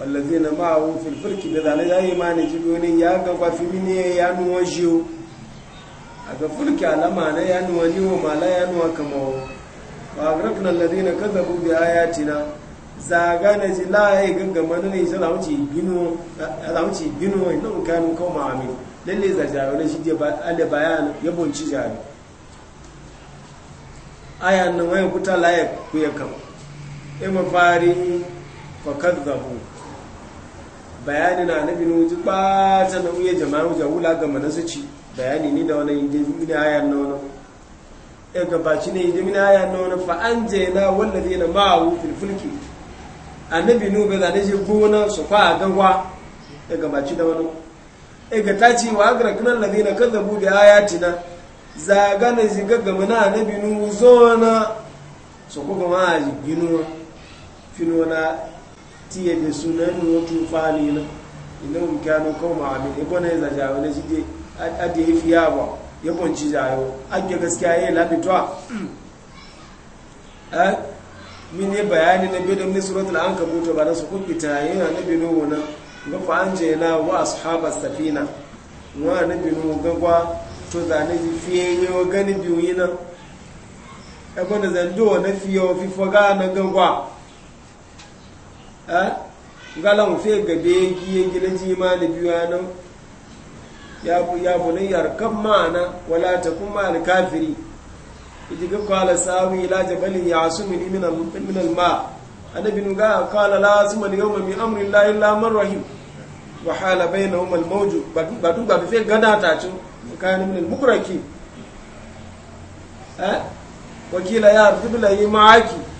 wallazi na ma'awu filfilki da zane a yi ji jibini ya ga kwafi mini ya nuwa jiyo a ga fulki alama na ya nuwa niwa mala ya nuwa kamawo wa agrafin allazi na kaza bubi ayatina zaga na ji la'ayi gaggama na ne shi zamuci bino zamuci bino ina kanu koma amin lalle jaro na shi da bayan yabonci jari ayan nan wayan kuta layak ku ya kama kan zabu bayani na nufin nu ba ta na uye jama'u ja wula ga mana ci bayani ni da wannan inda mini aya na wannan e gabaci ne inda mini aya na wannan fa anjayna walladheena na fil fulki annabi nu ga zane shi gona su fa ga wa e gabaci da wani ya ga ta ci wa agra kana alladheena kazzabu bi ayatina zaga na a ga na annabi nu zona su ko ga ma ji ginu finu na tiye da sunan wato fani na Ina inan kyanu kawo ma'amin ibo na ya zaja wani shi dai adi ya fi yawa ya kwanci jayo an ga gaskiya ya yi labitwa eh? min ya bayani na biyu da min suratul an kabuta ba na su kukkita yin annabi nuhu na ga fa an je na wa ashaba safina wa annabi nuhu ga kwa to da ne fiye ne wa gani biyu yana e ko zan zando na fi wa fi foga na ga kwa galan fe gabe giye gidan jima da biyu nan ya bu ya bu nan kan ma'ana wala ta kuma kafiri idi ga qala sawi jabal ya yasumini min min ma annabi nu ga qala la al yawma min amri llahi illa man rahim wa hala bainahum al mawj ba tu ba fe gada ta ci kan min al mukraki eh wakila ya la yi ma'aki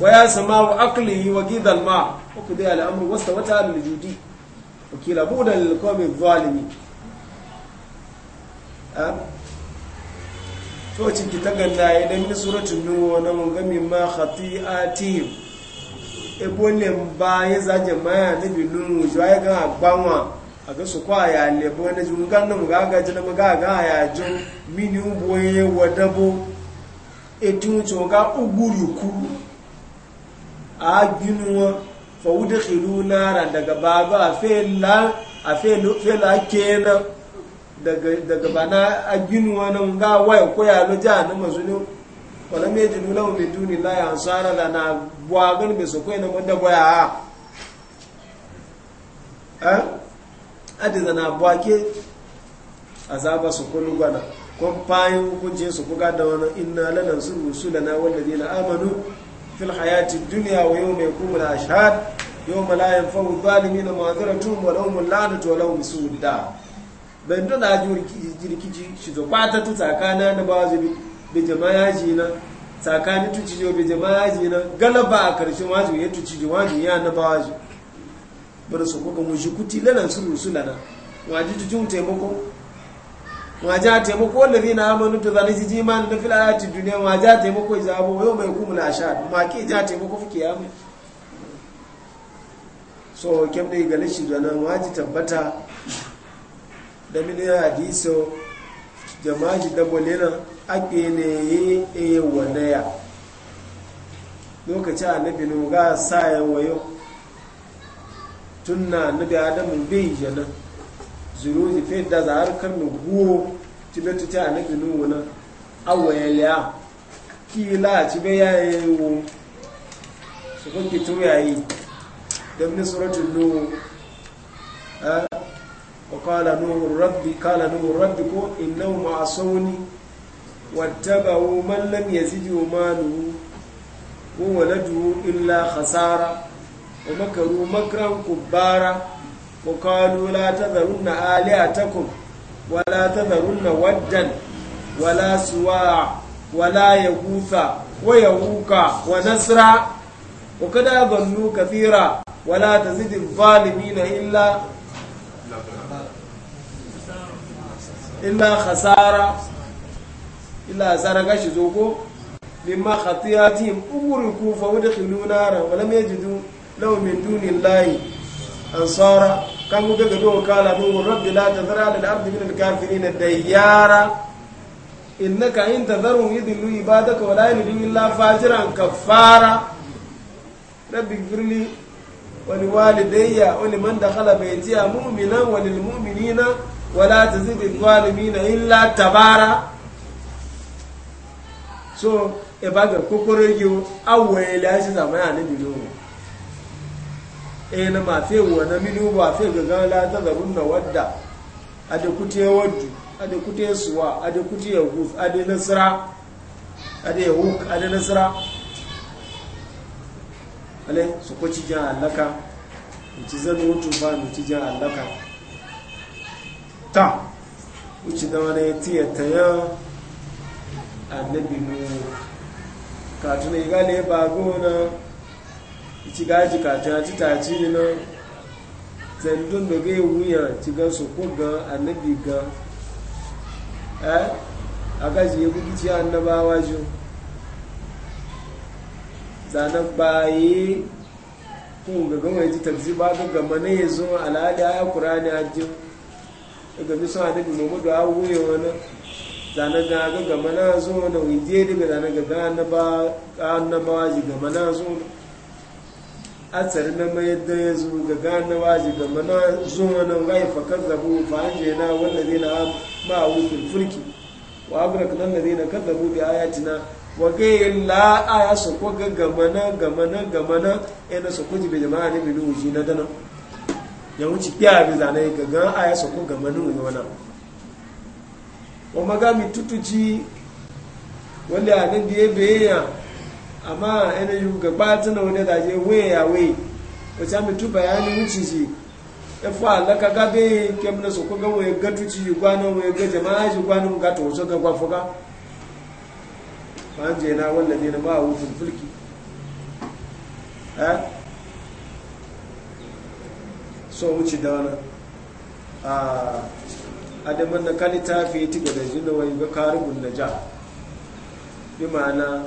waya sama sama'u aqlihi wa gidal ma uku dai al'amru wasta wata al-judi wakila buda lil qawmi zalimi to cin ki taganna idan ni suratul nuh na mun ga min ma khati'atihim e bole mba ya za jama'a bi bilun jo ya ga agbanwa aga su kwa ya le bo na jun ga nan ga ga jina ga ga ya jun mini ubo ye wadabo etun to ga uguru kuru a ginuwa fa udkhilu naran daga baba a fela a fela kenan daga daga bana a ginuwa nan ga waya koya lo ja na mazuni wala me jinu la me duni la ya ansara la na bwa gan be so koina wanda boya eh adiza na buwa ke A azaba su kullu gana kun fayin hukuncin su kuga da wani inna lanan su rusulana na amanu في الحياة الدنيا ويوم يقوم الأشهاد يوم لا ينفع الظالمين معذرتهم ولهم اللعنة ولهم سوء الدار ban tuna jirkici shi zo kwata tu tsakana na ba zubi bi jama'a ji na tsakani tu ci bi jama'a ji na galaba a karshen wazu ya tu ci wazu ya na ba bar su kuka mu shi kuti lanan su tu taimako waja taimako wallazi na amanu to zane ji jiman na fil ayati duniya waja taimako ijabo yau mai kuma ashad ma ki ja taimako fike ya mai so kem da ga shi da nan waji tabbata da min ya hadiso jama'a da bolina ake ne yi e wadaya lokacin annabi no ga sa yan tun na annabi adamun bai jana zunubi fi da za harkar na guwo ti bɛ tuti a nabi nuhu na awa ya liya la ti be ya yi wo su ko ki tu ya yi da bi suratul nuhu eh, wa qala nu rabbi qala nu rabbi ko innahum asawni wattaba'u man lam yazidhu maluhu wa waladuhu illa khasara wa makaru makran kubbara وقالوا لا تذرن آلهتكم ولا تذرن ودا ولا سواع ولا يغوث ويغوك ونسرا وقد ظنوا كثيرا ولا تزد الظالمين إلا إلا خسارة إلا سرقش زوكو مما خطياتهم أمركوا فودخلوا نارا ولم يجدوا لو من دون الله ansara kan guga ga don kala don rabbi la tazara lil ardi min al kafirin dayyara innaka in tazarhum yudillu ibadaka wa la yalidu illa fajiran kaffara rabbi ighfirli wa li walidayya wa liman dakhala baytiya mu'minan wa lil mu'minina wa la tazidi zalimina illa tabara so e baga kokoro yo awele ashi zamana ne bilowo ena na mafe wa na minu ba fe gaga la ta zarun na wadda a da kute waddu a kute suwa a da kute yahuf a da nasara a da yahuk a ale su ko ci jan allaka mu ci zan wutu ba mu ci jan allaka ta wuce da wani ta ya annabi mu katuna igale ba gona ci a ti ci taci na zandun da gai wuya ci gan gan ku gan annabi gan tí a gaji ya buki ci annabawa jo zanen ga gama ji tabzi ba ga gama ne ya zo al'ada ya kurani hajjin daga bisu annabi muhammadu a wuya wani zanen ga ga gama na zo na wuje daga zanen ga ga annabawa ji náà na wọn. asali na mai yadda ya zo ga gane waje ga mana zuwa nan rai fakar zabu fa an je na wanda zai na ma wufin fulki wa abrak nan zai na kan zabu bi ayatina wa gai la aya su ko ga gamana gamana gamana ina su ko jibe jama'a ne bi wuji na dana ya wuce biya bi zane ga ga aya su ko gamana ne wana wa magami tutuci wanda anan biye ya amma ina yi gaba tana wani da je waya ya waya wacce mai tu bayani wuce shi ya fi alaka gabe kem na so ga waya gatu tuci yi gwana waya ga jama'a shi gwana mu gata wasu ga gwafuka ba je na wanda ne na ba wufin fulki eh? so wuce da wani a ah, da na kalita fi ti gada da jina wani ga karibun na ja bi ma'ana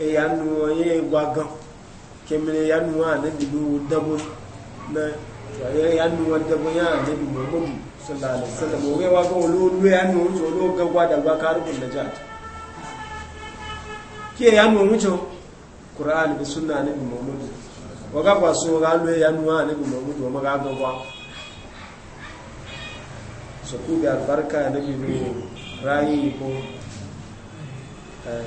eyanu onye gwagan kemere yanu bi lu dabo na tọrẹ yanu wọn dabo ya anabi muhammadu sallallahu alaihi wasallam oge wa gan olóòlù yanu oúnjẹ olóògán gbadagba kárùkù najat kí yanu oúnjẹ kùrán bí súnà anabi muhammadu wọ́gá pa sún ọgá lóye yanu anabi muhammadu ọmọ gá gan wa sọkú ne albarka anabi lu ko ikú eh,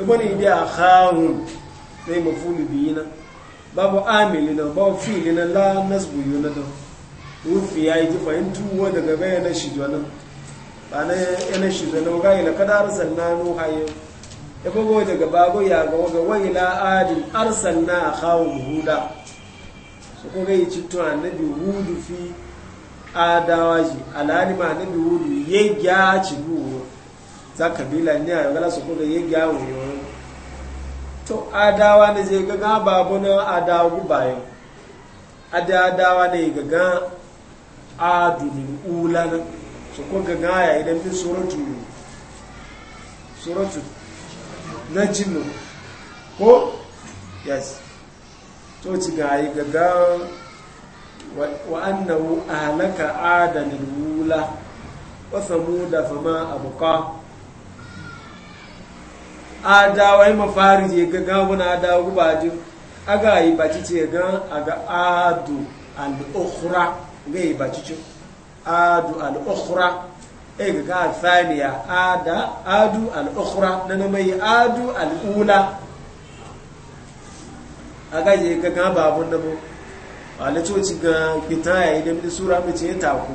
ibani bi akhahum mai mafulu biyina babu amili na babu fili na la nasbu yuna da rufi ya yi jifayin tuwo daga bayan na shi jona ba na yana shi jona ga ila kada arsalna nuha yau ya bago daga bago ya ga waga wa la adin arsalna akhahum huda su ko ga yi cito annabi hudu fi adawa ji alani ma annabi hudu ya gya ci ruwa za kabila ne a yau gala su ko ga ya gya wuyo to adawa ne zai gaga babu na adawa gubayen adawa ne gaga adulul ula na su ko gaga ya idan bin suratu suratu na jinnu ko yes to ci ga yi gaga wa annahu ahlaka wula ula wa da fama abqa a dawa yi mafari ya ga gamu na dawa gubajin aga yi baci ce gan aga adu al'ukhura ga yi baci ce adu al'ukhura e ga ga thaniya ada adu al'ukhura na na mai adu al'ula aga yi ga ga babun da mu wani coci ga kita ya yi da mini sura mace ya taku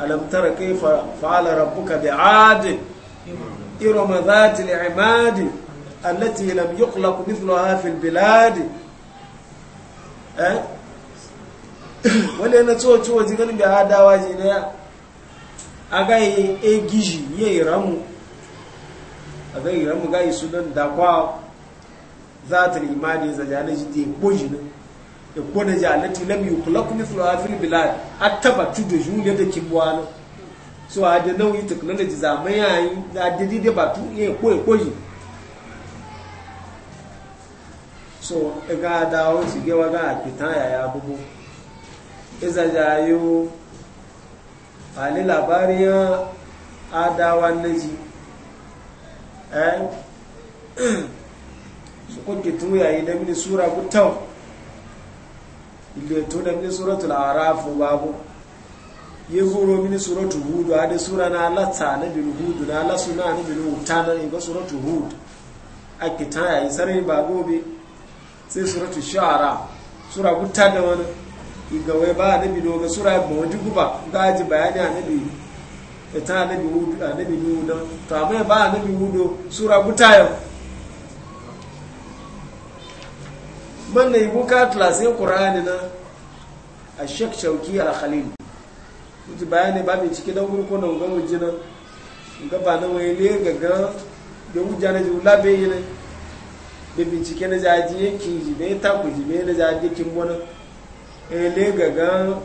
alamtara kai fa'ala rabbuka bi adin إرم ذات العماد التي لم يخلق مثلها في البلاد wani yana da adawa ji na a gaye e gishi ramu a gaye ramu gaye sunan dakwa za ta limani za jana da ko da da yi a taba so a da nau'in technology zamai yayin da dadi da ba tu iya koyi koyi so ga da won si ge wa ga pitan ya ya bubu iza ja yo ali labari ya adawa naji eh su ko ke tuya yi da mini sura ku taw ile to da mini suratul araf babu ye zuro mini suratu hudu a da sura na latsa na bin hudu na lasu na ni bin wuta na ga suratu hudu a kita ya yi sarari ba gobe sai suratu shara sura guta da wani igawai ba na bin doga sura ba wani guba gaji bayani a nabi bin ta nabi hudu a nabi bin hudu to amma ba a nabi hudu sura guta yau man na yi buka tlasin ƙura'ani na a shek shauki al-khalil kuti bayani ba mai cike don gurko na ugan wujina ga ba na wani ne gaga da wujja na ji wula bai ne da bincike na jaji yankin ji bai ta ku ji bai na jaji kin wani ele gaga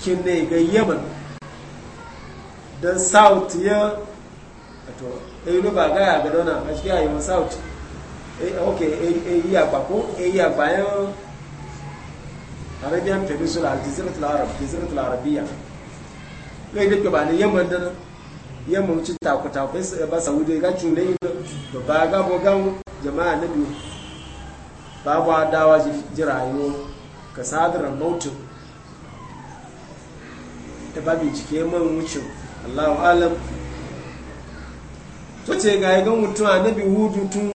kin ne ga yaman don south ya ato eyi lo ba gaya ga dona a cikin ayyuan south e, ok eyi e agba ko eyi agba yan arabian peninsula aljazirat al-arab jazirat al-arabiya lai duk ba ne yamma da yamma wuce takuta ba saudi ga cunle yi da ba ga bogan jama'a na biyu ba ba dawa ji rayuwa ka sadar mautin ta ba bincike man wucin allahu alam to ce ga yi gan mutum a nabi hudu tun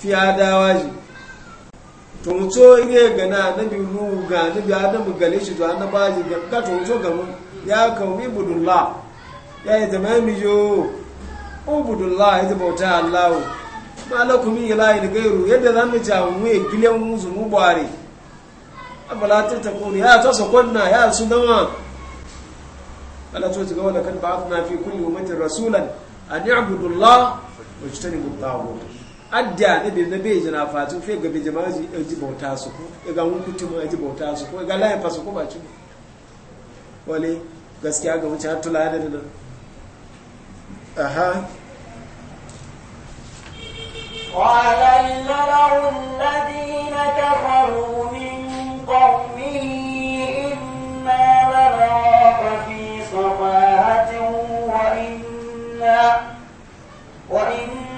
fiya dawa ji to mutu ile ga na annabi nuhu ga annabi adamu gale shi to annabaji ga ka to mutu ga mun ya kaumi budullah ya yi zama mi yo ubudullah ya bauta allah kuma yi layi da gairu yadda za mu jawo mu yi gilen musu mu bare abala ta ta kuri ya ta sokonna ya su dama Allah to ga wala kan ba'athna fi kulli ummatin rasulan an ya'budu Allah wa yajtanibu at-taghut adda ne bi na beji na fatu fe ga beji ma ji bauta su ko e ga mun kuti ma ji bauta su ko e ga layin fa su ko ba ci wale gaskiya ga wuce hatula da nan aha قال الملأ الذين كفروا من قومه إنا لنراك في سفاهة وإنا وإنا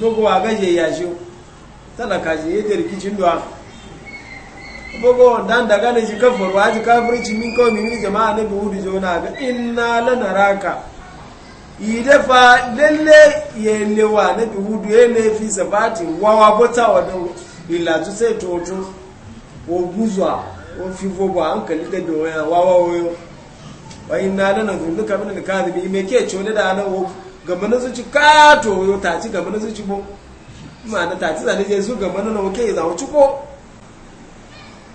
dogo wa gaje ya shi talaka je yadda rikicin duwa bogo dan daga ne shi kafar wa ji kafirci min kawai min jama'a na buhu da na ga inna lanaraka lele lalle yelewa na buhu da ne fi sabati wawa bota wa dan ilatu sai toto o oguzwa o fi an hankali da doya wawa wayo wa inna lanaraka duka min alkazimi me ke chole da anan gama na zuci kato yo taci gama na zuci bo ma na taci zane je su gama na oke ya zawo ciko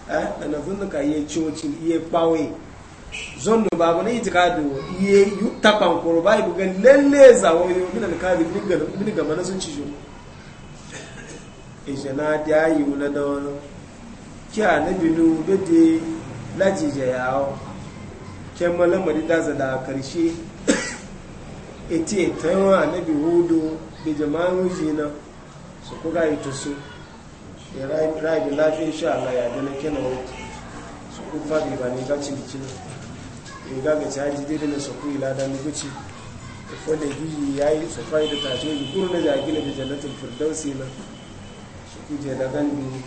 eh da na zunnu ka ye coci ye pawe ba babu na yi yi ta yutta ba yi bugan lalle zawo yo min alkali min gama na zuci jo ìṣẹ̀nà adé ayé wọn lọ́dọ́wọ́n kí a na binu lóde láti ìjẹ̀yà ọ kí ẹ da lọ́mọdé da karshe. eti etanwa anabi hudu da jama'an jina su kuga ita su ya da lafiya sha ya dana kena wata su ku faɗi ba ne gaci biki na ya gaga ci haji daidai na su ku yi ladan da fada ya yi su fa'i da tashi yi kuru na jagila jannatin na da gan bi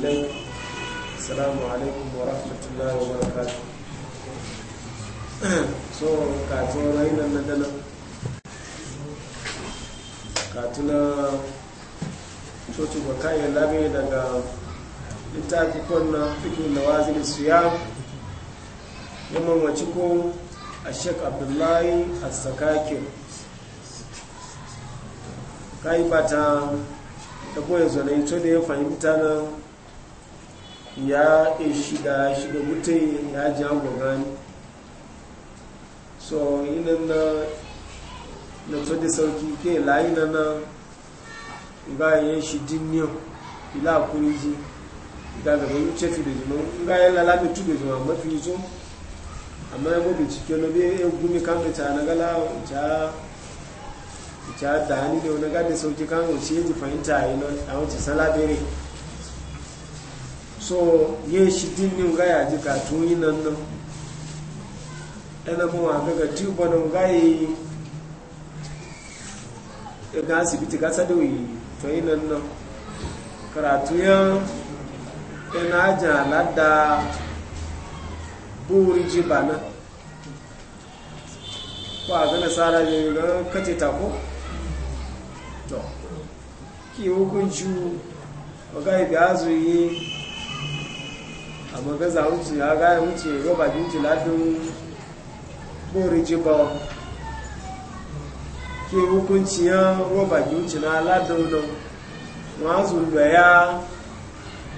da wa wa السلام عليكم ورحمة الله وبركاته so katun nan na dana katuna coci ba kayan lami daga littafi kwanna fikin da wazin suya ya mamaci ko a shek abdullahi a sakakin kayi bata ta koyar zanayi to da ya fahimta na ya shiga shiga mutum ya ji gani so inan na na to da sauki ke layi na na ga yin shi dinniyo ila kuri ji ga gaba yi ce fi da jima ga yi lalabi tu da zuma mafi zo amma ya gobe cike na bai ya gumi kan da ta na gala ta da hannu da wani gada da sauki kan wace ya ji fahimta a yi na wace salabere so ye shi dinnin gaya ji katun yi nan nan ɗana mawa gaga tubanin ya ga asibiti ga sadawi to yi nan nan karatu yan ɗana ajin alada buri ji ba nan ko a gana tsara ne ga kace tako to ki hukunci ga ibi azu yi amma gaza wuce ya gaya wuce roba jinci lafin bori jiba ke hukunci ya roba jinci na ladodo ma su da ya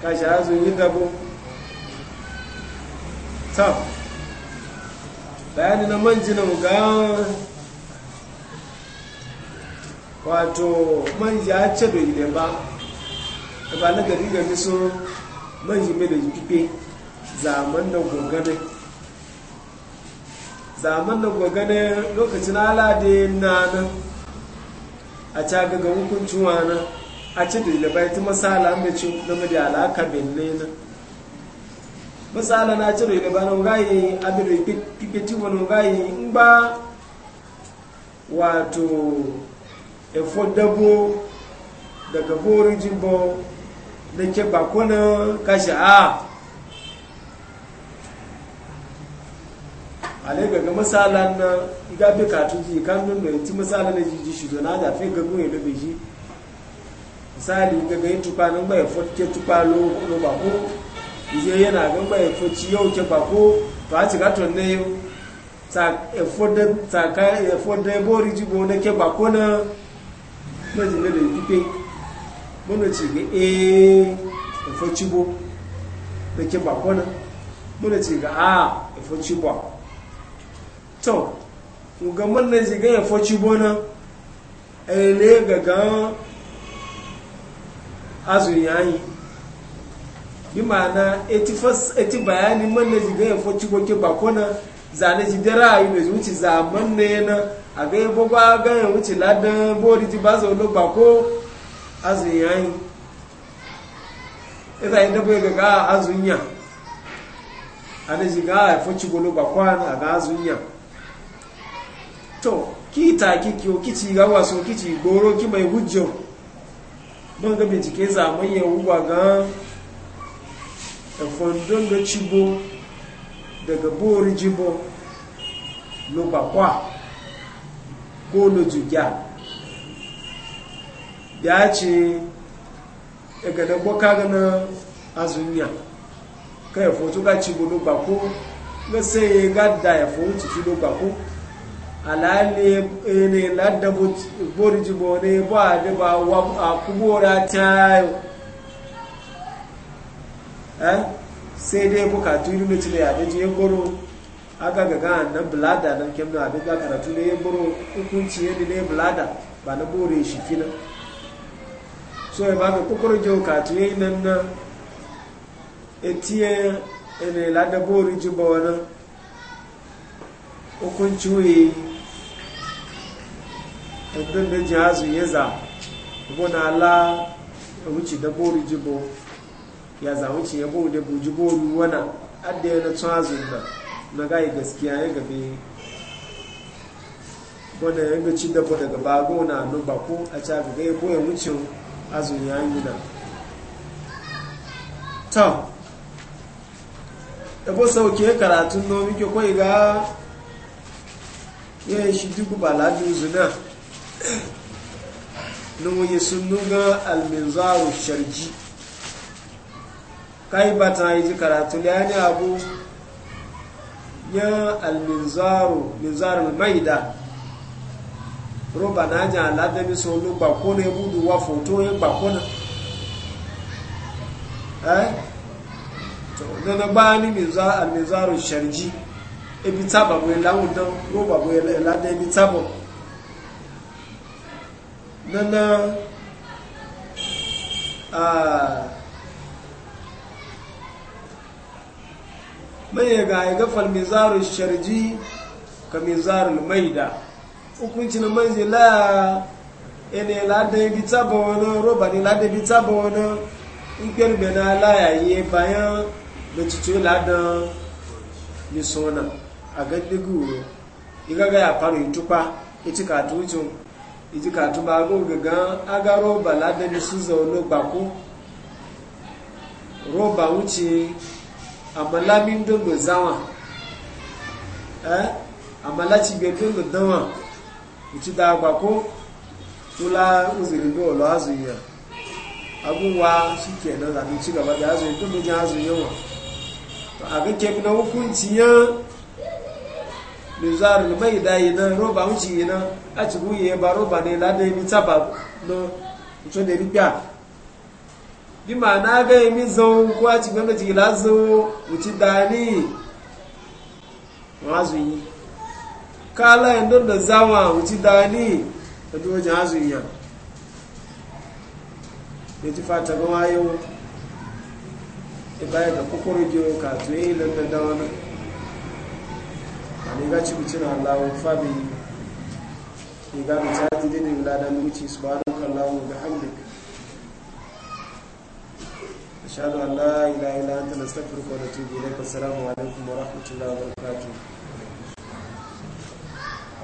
kashi azu yi dabo ta bayani na manjina ga wato manja ya ce da ile ba ba na gari gari so manji mai da jikipe zaman da gogane zaman da gogane lokacin alade na nan a cagaga hukuncin wani a ci da dalibai ta masala mai ci game da alaka benne na masala na ci da dalibai na gayi abin ci wani gayi in ba wato efo dabo daga borijin bo da ke bakon kashi a ale gaga misalan na ga bi katu ji kan nun da ti misalan na jiji shi zo na da fi gagun ya lobe ji misali ga yi tupa nan ya fotke tupa lo lo ba ko ije yana gan ya fotci yau ke ba ko to a ci ga ne yau ta efoda ta ka bori ji bo na ke ba ko na maji ne da pipe mono ci ga e eh, efotci bo na ke ba ko na mono ci ga a ah, efotci bo to ga mannan shiga ya foci bona eh, ne ga ga azun yayi bi ma'ana eti bayanin mannan shiga ya foci boke bakona zane shi dara yi mai zuci zaman ne na a ga yi gbogbo a ga yi wuce ladan bori ti ba su ologba ko azun yayi ita e yi dabo ga ga azun ya a da shiga ya foci ologba kwana a ga azun yayi to ki taki ki o kici ga waso kici goro ki mai hujjo don ga bincike zaman ya wuwa ga efondon ga cibo daga bori jibo lo kwakwa ko lo jugya ya ce daga na gboka gana azunya ka efo to ga cibo lo kwakwo ga sai ga da efo tutu lo kwakwo alale ne ladda borji bone ba da ba a kubora ta yau eh? sai dai kuka tuni da cile abin yin goro aka ga gaga nan bulada nan kemna abin ga karatu ne yin goro hukunci yadda ne blada ba na bore shi fina so ya ba ga kukurin jau katu yayi nan na etiye ne ladda borji na hukunci yayi ɗin da jihazu ya za na la wuce da boru jibo ya za wuce ya bori da jibo bori wana adda yana tun azu na na yi gaskiya ya gabe wanda ya ga ci dabo daga bago na nuba ko a cabi ga ya boye wucin ya yi na ta ɗabo sauke karatun nomi ke kwai ga ya shi dubu baladu zuna yi sunuga alminzaru sharji kai bata yi karatu yani abu ya alminzaru minzaru da roba na aja alada mi so lu gba ko ne budu wa foto yin gba ko na eh to na na ba ni minzaru alminzaru sharji ebi taba bo lawun dan roba bo lada ebi taba nana a mai ga ya mizarun sharji ka mizarun maida na manzi la ene ya bita ba wani roba ni ladan bita ba wani ikpen gbena layaye bayan da cikin ladan nisona a gaggagoro igaga ya faru yi tukpa ita ka tucin iji katuba agun gagan aga roba ladani suza ologbaku roba wuce amala lamin dondo zawa eh amala lati gbe dondo dawa uti da agbaku tula uzuri bi olo azu ya agun wa shike na da ci gaba da azu to me ja azu to aga ke na hukunci yan luzarul mai da yi na roba wuce yi na a ci guye ba roba ne la da yi mita ba no so da ripia bi ma na ga yi mi zan ko a ci gana ci la zo wuci da ni wa zu yi kala yin don da zawa wuci da ni e da duwa jan azu yi ya da ji fata gama yau ibaya da kokoro jiyo ka tuyi lannan da wani daga cibitin allahun fabi daga mai da wuladan wuce su ba duk allahun ga hamdik ashadu allah ila ila ta na stafir kwanatu biyu na kasaramu alaikum wa rahmatullahi wa barakatu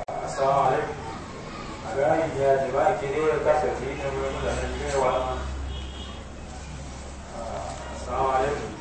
a da assalamu alaikum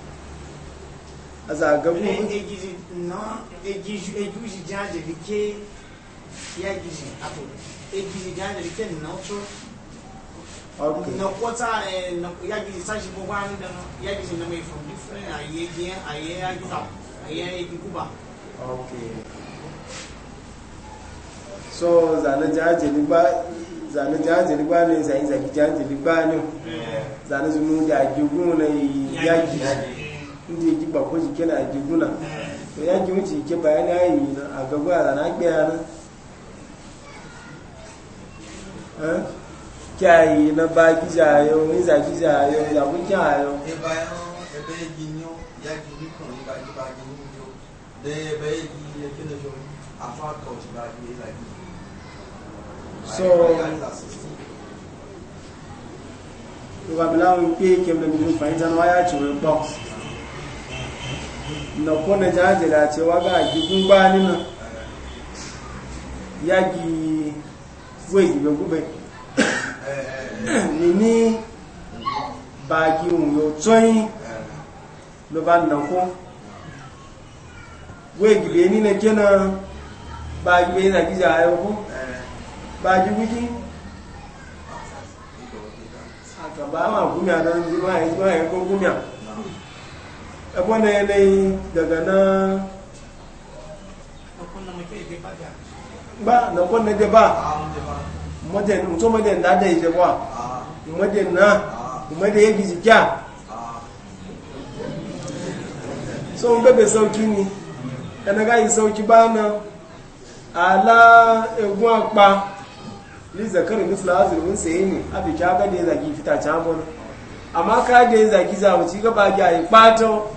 a zagagu egizi jaje ya gizi egizi jaje ya gizi sashi da ya gizi na mai from different aye aye ya aye kuba okay so zane jaje ligba jaje ne jaje ne eh. zumu da na inda ya giba ko jike na ji guna to ya ji wuce ke bayan na a na biya na na eh? ba gizayo ni za gizayo eh, ni ba de ebe gi ya kele so Ìwà bí láwọn pé kí ẹmọ ìgbìmọ̀ ìfàyíjá náà wáyá jù rẹ̀ na kone jajira cewa ga gigun bani na ya gi fuwe gibe gube nini ba gi un yo lo ba na ko fuwe gibe ni na kena ba gibe na gija ayo ko ba gi wiki ba ma gumiya don zuwa ya zuwa ya ko abin yanayi daga na ba na kwanne da ba mutum madan da da ije ba madan na madan ya gizi kya so n bebe sauki ni ɗana gayi sauki ba na ala egun apa ni zakarin misla azumin sayi ne abin zaki gani ya zagi fita amma ka da ya zagi zamuci gaba gya yi ɓato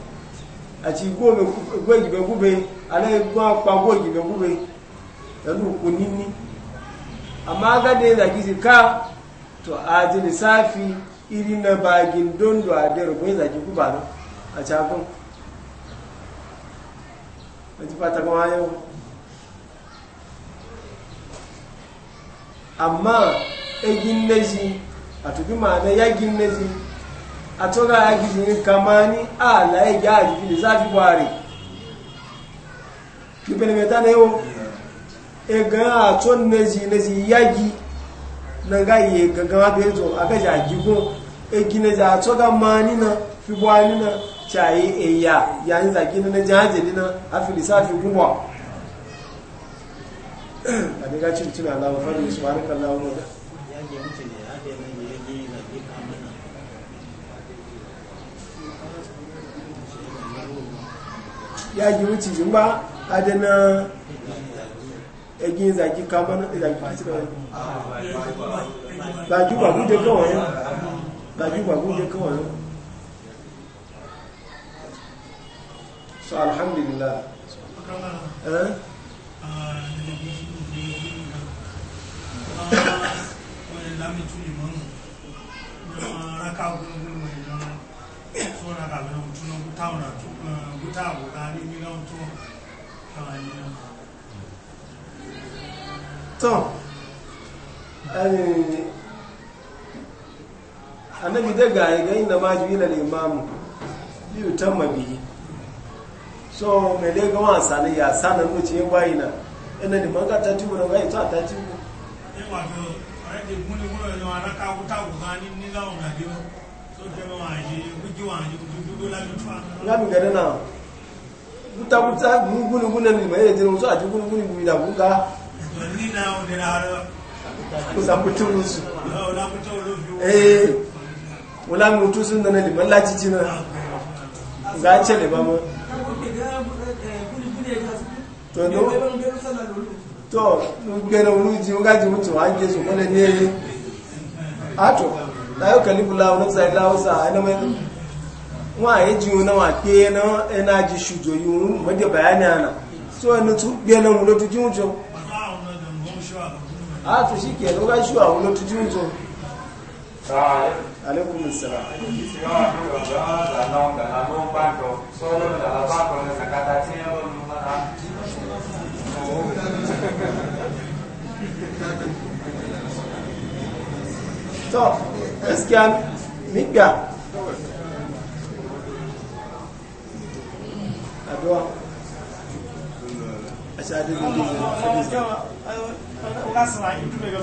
àti gbóògbẹ̀gbẹ̀ alẹ́gbọ́n pẹ̀lú òkú níní amma gada ya zaki zika to a ji lissafi iri na bagin dondo a da rubun ya zaki guba nan a cakon a ji fata kama yau amma egin nazi a tubi atoka yakizini kamani ala ega ajibili zafi bwari kipenemetana ewo ega ato nezi nezi yagi nanga ye gagama bezo akaja ajigo egi nezi atoka mani na fi bwari na chayi eya e, yani zakini na jaje dina afili safi kubwa wa ya gi wuce jin ba adana egin zaki kama na eh, zaki fasi da wani ji ba guje kawai ji ba guje kawai so alhamdulillah eh? sona ka bena mutuna kutauna kutaabo kalingira mutuna kalanira to annabi da ga inda ma na biyu so mai ga wasa ne ya sanar mutu yin bayi na ina manga ta na ta ta ta ni za mu na biyu so ke ma ngami gada na buta buta gunguni gunan ne mai yajin wasu a ji gunguni na da guga kusa mutum su eh wala mutu sun da na liman lacici na ga ce ne ba mu to no to gana wani ji ga ji mutum an ke su mana ne ato yau kalibu la wani sai la wasa ai nwaanyị eh, ji wuna wa kpee na ena ji shujo yiwu made bayani ana so enu tu kpee na wulo tu jinjo a to shi ke ga shi wa wulo tu jinjo alaikum assalam to ah, gaskiya miƙa addu'a a sha addu'a